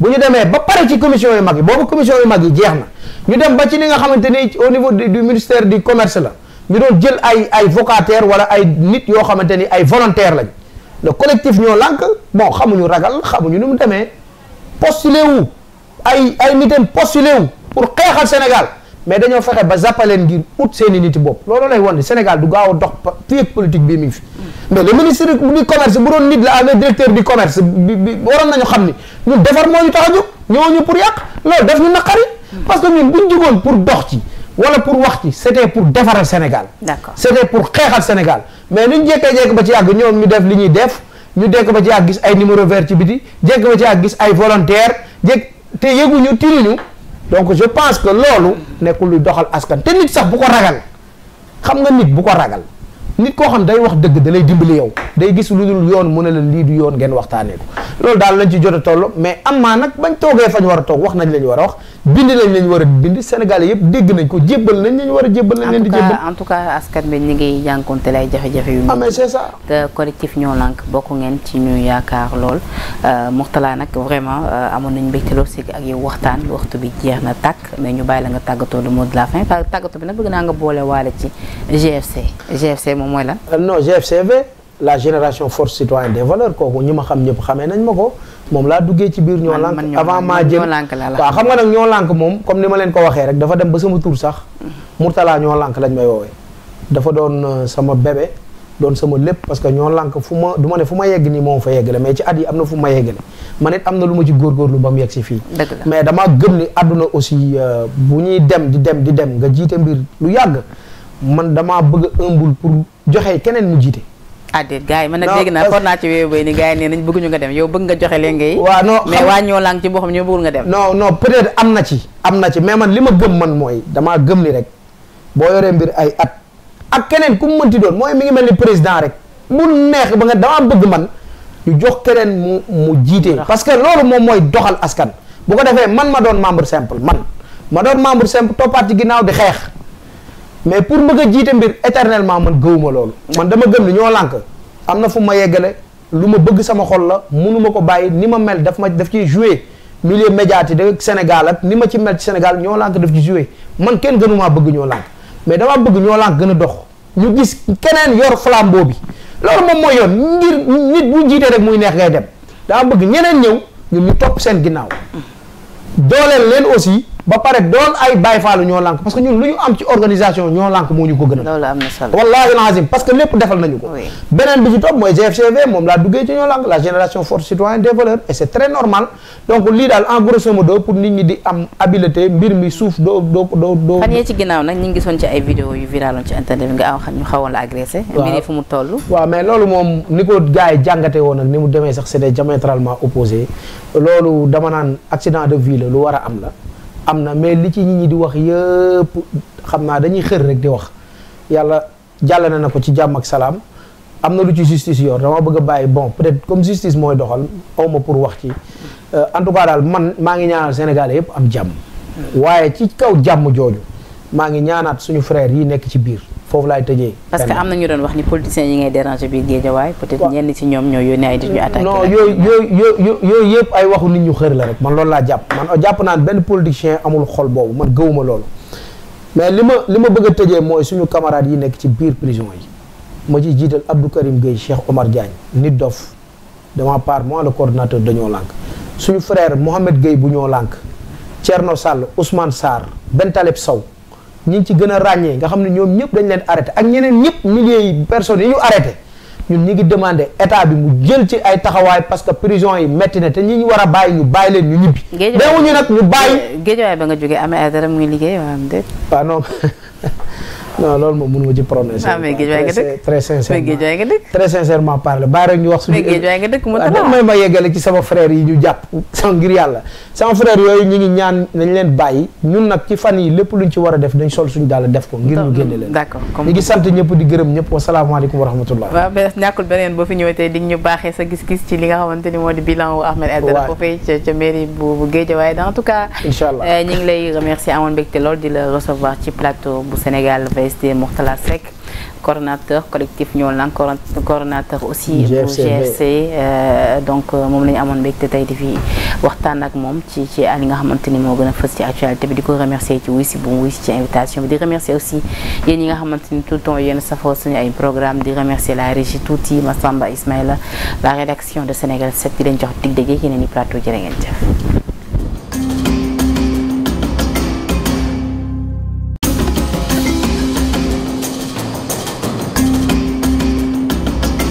S2: bu ñu demee ba pare ci commission yu mag yi boobu commission yu mag yi jeex na ñu dem ba ci li nga xamante ni au niveau du ministère di commerce la ñu doon jël ay ay vocataire wala ay nit yoo xamante ni ay volontaire lañ le collectif ñoo lànk bon xamuñu ragal xamuñu ni mu demee postulé wu ay ay nitam postulé wu pour xeexal Sénégal mais dañoo fexe ba jàppale ngir ut seeni nit bopp loolu lay wan Sénégal du gaaw a dox fii ak politique bii mi ngi fi mais le ministre du commerce bu doon nit la avec directeur du commerce bi bi waroon nañu xam ni ñun defar moo ñu tax a jóg ñëwuñu pour ñu naqari parce que ñun buñ jugoon pour dox ci wala pour wax ci c'était pour defaral Sénégal c'était pour xeexal Sénégal mais nuñ jekkee-jekk ba ci yàgg ñoom ñu def li ñuy def ñu dekk ba ci yàgg gis ay numéro vert ci biti jekk ba ci yàgg gis ay volontaire jekk te yëguñu tinuñu donc je pense que loolu nekkul lu doxal askan te nit sax bu ko ragal xam nga nit bu ko ragal nit koo xam day wax dëgg da lay dimbali yow day gis lu dul yoon mu ne la lii du yoon ngeen waxtaanee ko loolu daal lañ ci jot a toll mais am maa nag bañ toogee fañ war a toog wax nañ lañ war a wax bind lañ lañ war a bind Sénégalais yëpp dégg nañ ko jébbal a jébbal nañ leen di jébbal
S1: en tout cas askan bi ñu ngi jànkoonte ah, bokk ngeen ci ñu yaakaar lool euh, Mourtala nag vraiment euh, amoon nañ mbégte lool si ak yow waxtaan waxtu bi jeex na tàkk mais ñu bàyyi la nga tàggatoo le mot de tàggatoo bi nag bëgg naa nga boole waale ci GFC
S2: GFC moom mooy lan. Euh, non GFCV la génération force citoyenne des kooku ñi ma xam ñëpp xamee nañ ma ko moom laa duggee ci biir. ñoo lànk avant maa jël waaw xam nga nag ñoo lànk moom comme ni ma leen ko waxee rek dafa dem ba sama tur sax. Mourtala mm-hmm. ñoo lànk lañ may woowee. dafa doon euh, sama bébé doon sama lépp parce que ñoo lànk fu ma du ma ne fu ma yegg nii moom fa yeggale mais ci at yi am na fu ma yeggale man it am na lu ma ci góorgóorlu ba mu yegg si fii mais dama gëm ni àdduna aussi euh, bu dem dem di dem nga man damaa bëgg a ëmbul pour joxe keneen mu jiite.
S1: ah déet yi man nag dégg naa for naa ci wéy wéy ni gars yi nee nañ bëgguñu nga dem yow bëgg nga joxe leen ngay. waaw non mais waa ñoo lang ci boo xam ñoo bëggul nga dem. non non
S2: peut-être am na ci. am na ci mais man li ma gëm man mooy damaa gëm ni rek boo yoree mbir ay at. ak keneen ku mu mënti doon mooy mi ngi mel ni président rek mu neex ba nga damaa bëgg man ñu jox keneen mu mu jiite. parce que loolu moom mooy doxal askan. bu ko defee man ma doon membre simple man ma doon membre simple toppaat ci ginnaaw di xeex. mais pour bëgg a jiite mbir éternellement man gëwuma loolu man dama gëm ni ñoo lànk am na fu ma yeggale lu ma bëgg sama xol la munuma ko bàyyi ni ma mel daf ma daf ciy joué milieu médiatique ak Sénégal ak ni ma ci mel ci Sénégal ñoo lànk daf ci joué man kenn gënumaa bëgg ñoo lànk mais damaa bëgg ñoo lànk gën a dox ñu gis keneen yor flambeau bi loolu moom mooy yoon ngir nit bu jiitee rek muy neex ngay dem dama bëgg ñeneen ñëw ñun ñu topp seen ginnaaw dooleel ba pare doon ay bayfaalu ñoo lànk parce que ñun lu ñu am ci organisation ñoo lànk moo ñu ko gënal. loolu am na solo wallaahi lazim parce que lépp defal nañu ko. beneen bi ci topp mooy GFCV moom laa duggee ci ñoo lànk la génération force citoyenne des et c' très normal donc lii daal en grosso pour nit ñi di am habileté mbir mi suuf doo doo doo doo. fan yee
S1: ci ginnaaw nag ñu ngi gisoon ci ay vidéo yu viraloon ci internet bi nga am
S2: xam ñu xawoon la moom ni ko gars woon nag ni mu demee sax c' est diamétralement opposé loolu dama naan accident de vie lu war a am la am na mais li ci nit ñi di wax yëpp xam naa dañuy xër rek di wax yàlla jàll na na ko ci jàmm ak salaam am na lu ci justice yor dama bëgg a bàyyi bon peut-être comme justice mooy doxal aw ma pour wax ci euh, en daal man maa ngi ñaanal Sénégal yëpp am jàmm mm. waaye ci kaw jàmm jooju maa ngi ñaanaat suñu frère yi nekk ci biir foofu laay tëjee. parce que am na
S1: ñu doon wax ni politiciens yi ngay déranger biir Géejawaay peut-être ñenn ci ñoom ñoo yónnee ay nit ñu attaqué. non
S2: yooyu yooyu yooyu yëpp ay waxu nit ñu xër la rek man loolu laa jàpp man jàpp naan benn politicien amul xol boobu man gëwuma loolu. mais li ma li ma bëgg a tëjee mooy suñu camarades yi nekk ci biir prison yi ma ci jiital Abdou Karim Gueye Cheikh Omar Diagne nit dof de ma part moi le coordonnateur dañoo lànk suñu frère Mohamed Gueye bu ñoo lànk Thierno Sall Ousmane Sarr Ben Taleb Sow ñi ci gën a ràññee nga xam ne ñoom ñëpp dañ leen arrêté ak ñeneen ñëpp milliers yi personnes yi ñu arrêté ñun ñi ngi demandé état bi mu jël ci ay taxawaay parce que prison yi métti na te ñi ñu war a bàyyi ñu bàyyi leen ñu ñibbi. géejewaay ñu nag ñu bàyyi.
S1: géejewaay nga jógee amee ay dara muy liggéey waaw déet. waaw
S2: non loolu moom mënu ma ci prononcer.
S1: ah mais Guédiawaye nga dëkk très sincèrement mais
S2: Guédiawaye nga dëkk. rek ñu wax. suñu mais Guédiawaye nga dëkk mu ah, tax may ma yeggale ci sama frère yi ñu jàpp. sama ngir yàlla sama frère yooyu ñu ngi ñaan nañ leen bàyyi ñun nag ci fan yi lépp luñ ci war a def dañ sol suñu daal def ko. ngir ñu génne leen d'accord ñu ngi sant ñëpp di gërëm ñëpp wasalaamaaleykum wa rahmatullah. waaw
S1: mais ñàkkul beneen boo fi ñëwee tey di ñu baaxee sa gis-gis ci li nga xamante ni moo di bilan wu Ahmed Aidara eh, ngi lay remercier amoon mbégte lool ASD Mourtala Seck coordonnateur collectif ñoo lan coordonnateur aussi bu GFC euh, donc euh, moom la ñu amoon mbégte tey di fi waxtaan ak moom ci ci li nga xamante ni moo gën a fës ci actualité bi di ko remercier ci wuy si bu mu ci invitation bi di remercier aussi yéen ñi nga xamante ni tout le temps yéen safoo suñu ay programme di remercier la tout régie tuuti Massamba Ismaïla la rédaction de Sénégal 7 di leen jox dig dégee yeneen i plateau jërë